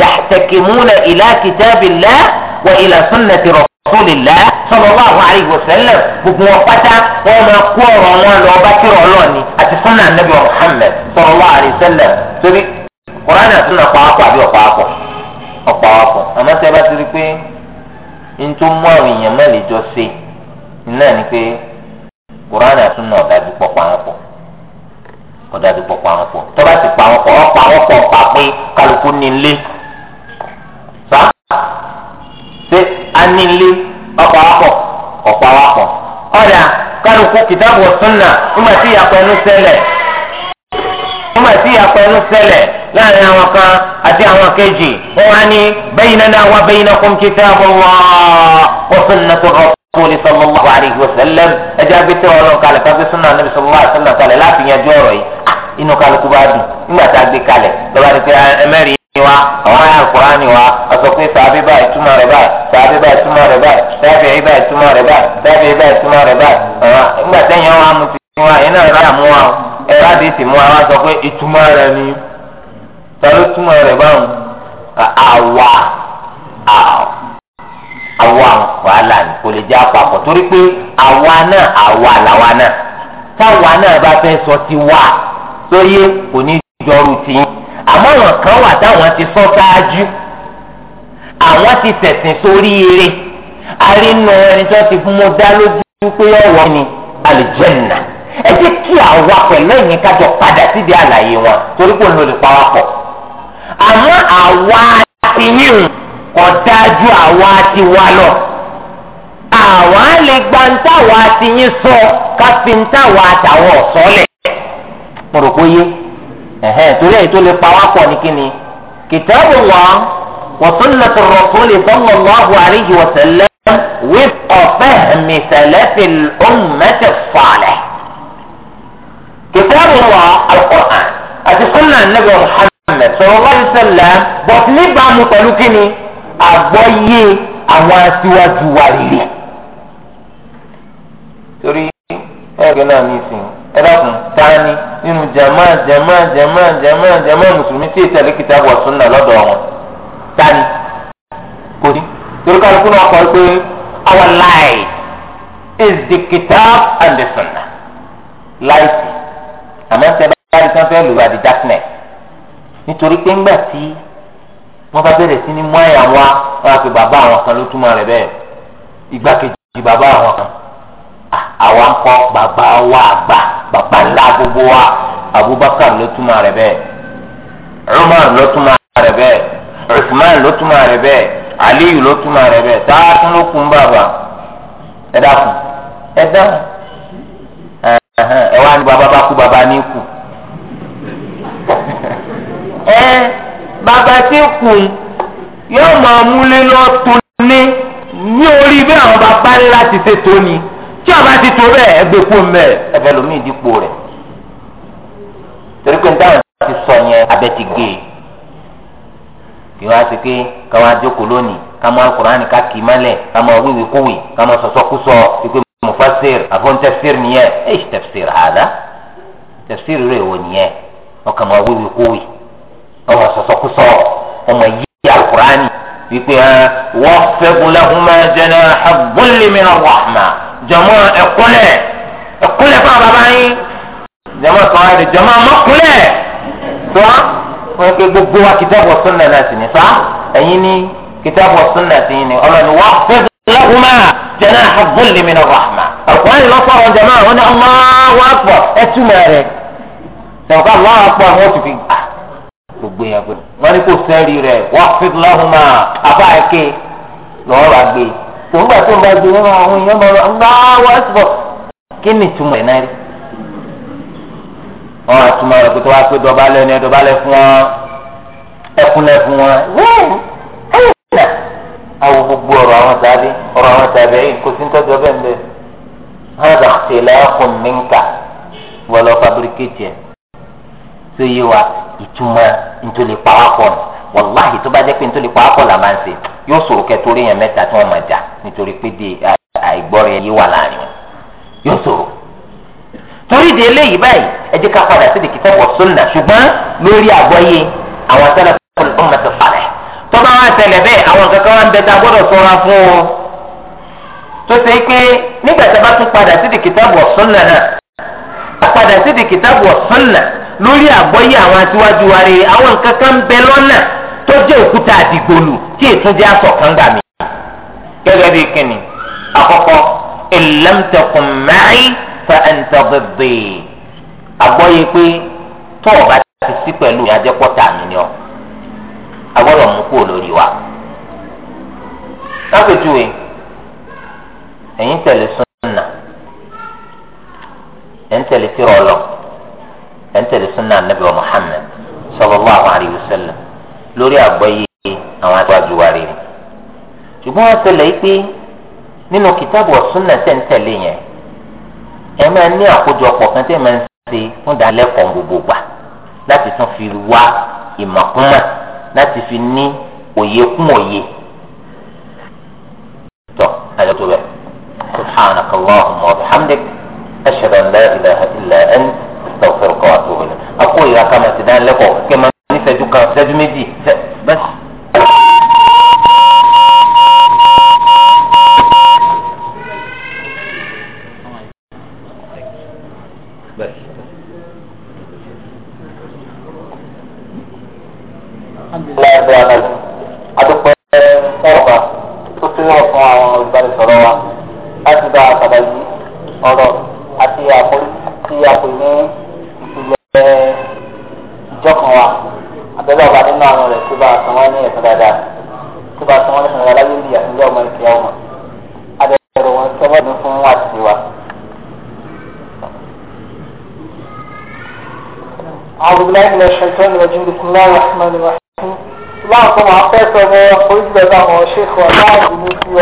yahtakimuna ila kitabillah wa ila sunnati rasulillah sallallahu alaihi wasallam gbogbo wọn pátá wọn máa kó ọ̀rọ̀ wọn lọ bá kírọ ọlọni àti sunna anabi muhammed sallallahu alaihi wasallam torí kùránì àti sunna pàápàá àbí ọ̀pàápọ̀ ọ̀pàápọ̀ àmọ́ sẹ́ bá ti rí pé ntó mú àwọn èèyàn mẹ́lẹ̀ jọ ṣe náà ni pé kùránì àti sunna ọ̀dájú kọjá tó pọ̀ pa wọn pọ̀ tọ́ba ti pa wọn pọ̀ ọ́ pa wọn pọ̀ pa pé kálukú ní ilé sá ṣé a ní ilé ọ̀pọ̀ awapọ̀ ọ̀pọ̀ awapọ̀ ọ̀dà kálukú kìtàbù sunna nígbà tí ìyàpọ̀ ẹnu ṣẹlẹ̀ nígbà tí ìyàpọ̀ ẹnu ṣẹlẹ̀ láàrin àwọn kan àti àwọn kejì wọn wá ní baynana wa baynakum kitabu Allah wa sunnatu kóni sallallahu alayhi wa sallam ẹjẹ abitẹ Ọlọ́run kalẹ̀ káfí sunna anabi sallallahu alayhi wa sallam kalẹ̀ láti yanjú ọ̀rọ̀ yìí ah, inú kálukú bá dùn nígbà tá a gbé kalẹ̀ lọba ní pé ah, ẹmẹrin ni wa àwọn ayé alukóra ni wa ọsọ pé sàbí báyìí túmọ̀ rẹ̀ báyìí sàbí báyìí túmọ̀ rẹ̀ báyìí sàbí báyìí túmọ̀ rẹ̀ báyìí sàbí báyìí túmọ̀ àwa wàhálà ní kò lè jẹ́ àpapọ̀ torí pé àwa náà àwa làwa náà táwa náà bá fẹ́ sọ ti wà sóyè kò ní jọrù tì í àmọ́ àwọn kan wà táwọn ti sọ ṣáájú àwọn ti tẹ̀sìn sórí eré arínú ẹni tó ti mú dá lójú pé ọ̀wọ́ ni àlùjànnà ẹ jẹ́ kí àwa pẹ̀lú ẹ̀yin kájọ padà síbi àlàyé wọn torí kò ní olùpawọ́pọ̀ àmọ́ àwa ti yín kò dájú àwa ti wá lọ àwa lè gba ntàwa ti yín sọ káfí ntàwa àtàwọn ọ̀sọ́lẹ̀ mo rò pé yé ẹ̀hẹ́n torí èyí tó lè pa wá pọ̀ ní kíni kitabullah wa sunnatu rasuli sallallahu alayhi wa sallam wifqa fahmi salafil ummati salih kitabullah al-Qur'an àti sunna nabi Muhammad sallallahu alayhi wa sallam bọ̀t níbàámu pẹ̀lú kíni àgbọ́yé àwọn aṣíwájú wa rèé. torí ẹgbẹ́ náà ní ìsìn ẹ tání nínú jama jama jama jama jama mùsùlùmí tí ìtẹ̀lé kìtàbù wa sunna lọ́dọ̀ wọn tání kò sí. torí kálukú náà kọ́ pé our life is the kitab and the sunna life àmọ́ ń tẹ́ bá a rí sanfẹ́ lùlù darkness nítorí pé ńgbà tí. wọ́n bá bẹ̀rẹ̀ sí ní mú ẹ̀yà wá á bàbá àwọn kan ló túmọ̀ rẹ̀ bẹ́ẹ̀ igbákejì bàbá àwọn kan ah, àwa ń bàbá wa àgbà bàbá ńlá gbogbo wa Abubakar ló túmọ̀ rẹ̀ bẹ́ẹ̀ Umar ló túmọ̀ rẹ̀ bẹ́ẹ̀ Usman ló túmọ̀ rẹ̀ bẹ́ẹ̀ Aliyu ló táà tún ló kún bàbá ẹ dákun ẹ ẹ wá ní bàbá bá kú bàbá tí ń kù yóò máa múlé lọ tó ní ní orí bí àwọn bàbá ńlá ti ṣe tó ni tí ọba ti tó bẹ́ẹ̀ ẹgbẹ́ kó mẹ́ ẹ̀fẹ́ lómi ìdípò rẹ̀ torí pé níta wọn ti sọ yẹn abẹ ti gé e kí wọn á ti pé ká wọn á jókòó lónìí ká máa kúránì ká kì í mọ́lẹ̀ ká máa wíwèé kúwì ká máa sọ̀sọ́ kú sọ pípé mufasir àfọ̀n tafsir nìyẹn èyí tafsir àdá tafsir rẹ̀ wò nìyẹn wọn máa wíwèé kúwì ọmọ sọsọkúsọ ọmọ yíyí alukurani wípé ẹ wọ́n fẹ́gun lẹ́hùnmá jẹ́nà agbólémìnà wàhánà jọmọ ẹkúnlẹ̀ ẹkúnlẹ̀ fún ababa yín jọmọ sọ̀rọ̀ ẹ̀dẹ̀ jọmọ ọmọkúnlẹ̀ tó wọn ké gbogbo wa kìtàbù sunna náà sì ní fa ẹ̀yin ní kìtàbù sunna sì ní ọlọ́ni wọ́n fẹ́gun lẹ́hùnmá jẹ́nà agbólémìnà wàhánà alukurani lọ́sọ̀rọ̀ jọmọ àwọn ọmọ wọn akpọ̀ ẹtúmọ̀ rẹ̀ sọ̀rọ̀ gbogbo yẹn pé wọn ní kò sẹ́ẹ̀rì rẹ̀ wọ́n fífi lọ́hùnmá àbá ẹ̀kẹ́ lọ́wọ́ bá gbé tòun gbà tó ń bá gbé wọn àwọn èèyàn bá wọn bá wọn ti bọ̀ kí ni ìtumọ̀ ẹ̀ náà rí wọn àtúmọ̀ rẹ̀ pé tó wá pé dọ̀bálẹ̀ ni dọ̀bálẹ̀ fún wọn ẹkúnlẹ̀ fún wọn wẹ́ẹ̀ awo gbogbo ọ̀rọ̀ àwọn sábẹ́ ọ̀rọ̀ àwọn sábẹ́ kò sí ń tọ́jú ọbẹ̀ ń bẹ̀ hàn àtìlẹ́yìn fún mi ń kà wọ́n lọ fabricate yẹn tó yé wa ìtumọ̀ ntòlè pàápọ̀ wàláhì tó bá jẹ́ pé ntòlè pàápọ̀ là máa ń ṣe yóò ṣòro kẹ́ torí yẹn mẹ́ta tí wọ́n máa jà nítorí pé de àìgbọ́rẹ̀ yìí wà láàrin wọn yóò ṣòro torí de eléyìí báyìí ẹ jẹ́ ká padà sí ìdìkítà wọ̀ sólùnà ṣùgbọ́n lórí àgbọ́yé àwọn sẹ́lẹ̀ fún ọmọ tó falẹ̀ tó bá wá ṣẹlẹ̀ bẹ́ẹ̀ àwọn kankan wá ń bẹ tá a gbọ́dọ̀ ṣọ́ra fún o tó ṣe pé nígbà tí a bá tún padà sí ìdìkítà wọ̀ sólùnà náà padà sí ìdìkítà wọ̀ sólùnà lórí àgbọ́yé àwọn atiwájú wa rere àwọn nǹkan kan bẹ lọ́nà tó jẹ́ òkúta àdìgbòlù tí ètúndé asọ̀kan gbà mí. gẹ́gẹ́ bí kínní àkọ́kọ́ ìlẹ́mtẹ̀kùn mẹ́rin fẹ́ ẹ̀ńtẹ̀gbẹ̀gbẹ̀ àgbọ́yé pé tó o bá ti sí pẹ̀lú ìyájẹ́pọ̀tà mi ni ọ agbọ́dọ̀ mú kúrò lórí wa. lápèjúwe ẹ̀yin tẹ̀lé sunna ẹ̀ ń tẹ̀lé tìrọ̀ ọlọ́ọ̀ ẹ̀ ń tẹ̀lé sunna anabi wa muhammed sallallahu alayhi wa sallam lórí àgbọ́yé àwọn àgbàjù wa rèé ṣùgbọ́n wọ́n ṣẹlẹ̀ yìí pé nínú kìtàbù ọ̀sùnà tẹ̀ ń tẹ̀lé yẹn ẹ máa ní àkójọpọ̀ kan tẹ́ máa ń ṣe fún ìdálẹ́kọ̀ọ́ gbogbo gbà láti tún fi wá ìmọ̀kúnmọ̀ láti fi ní òye kún òye tọ́ àjọ tó bẹ̀ subhanakallahumma wa bihamdik ashhadu an la ilaha illa anta astaghfiruka wa atubu ilayk akó ìyá kama ti dá lẹ́kọ̀ọ́ kí ẹ máa ní sẹ́jú kan sẹ́jú méjì bẹ́ẹ̀. ọ̀rọ̀ àti àpò ní ìjọkan wa abẹ́lẹ́ ọba nínú àwọn rẹ̀ tó bá san wọ́n ní ẹ̀sán dáadáa tó bá san wọ́n ní ẹ̀sán dáadáa láyé ìyá ìyá ọmọ ìkẹyà ọmọ adẹ́rọ wọn tó wọ́n ní fún àti wa. أعوذ بالله من الشيطان الرجيم بسم الله الرحمن الرحيم láàkó máa fẹ́ sọ mọ́ oríṣiríṣi àwọn ṣèkọ̀ láàbù ní tiwa.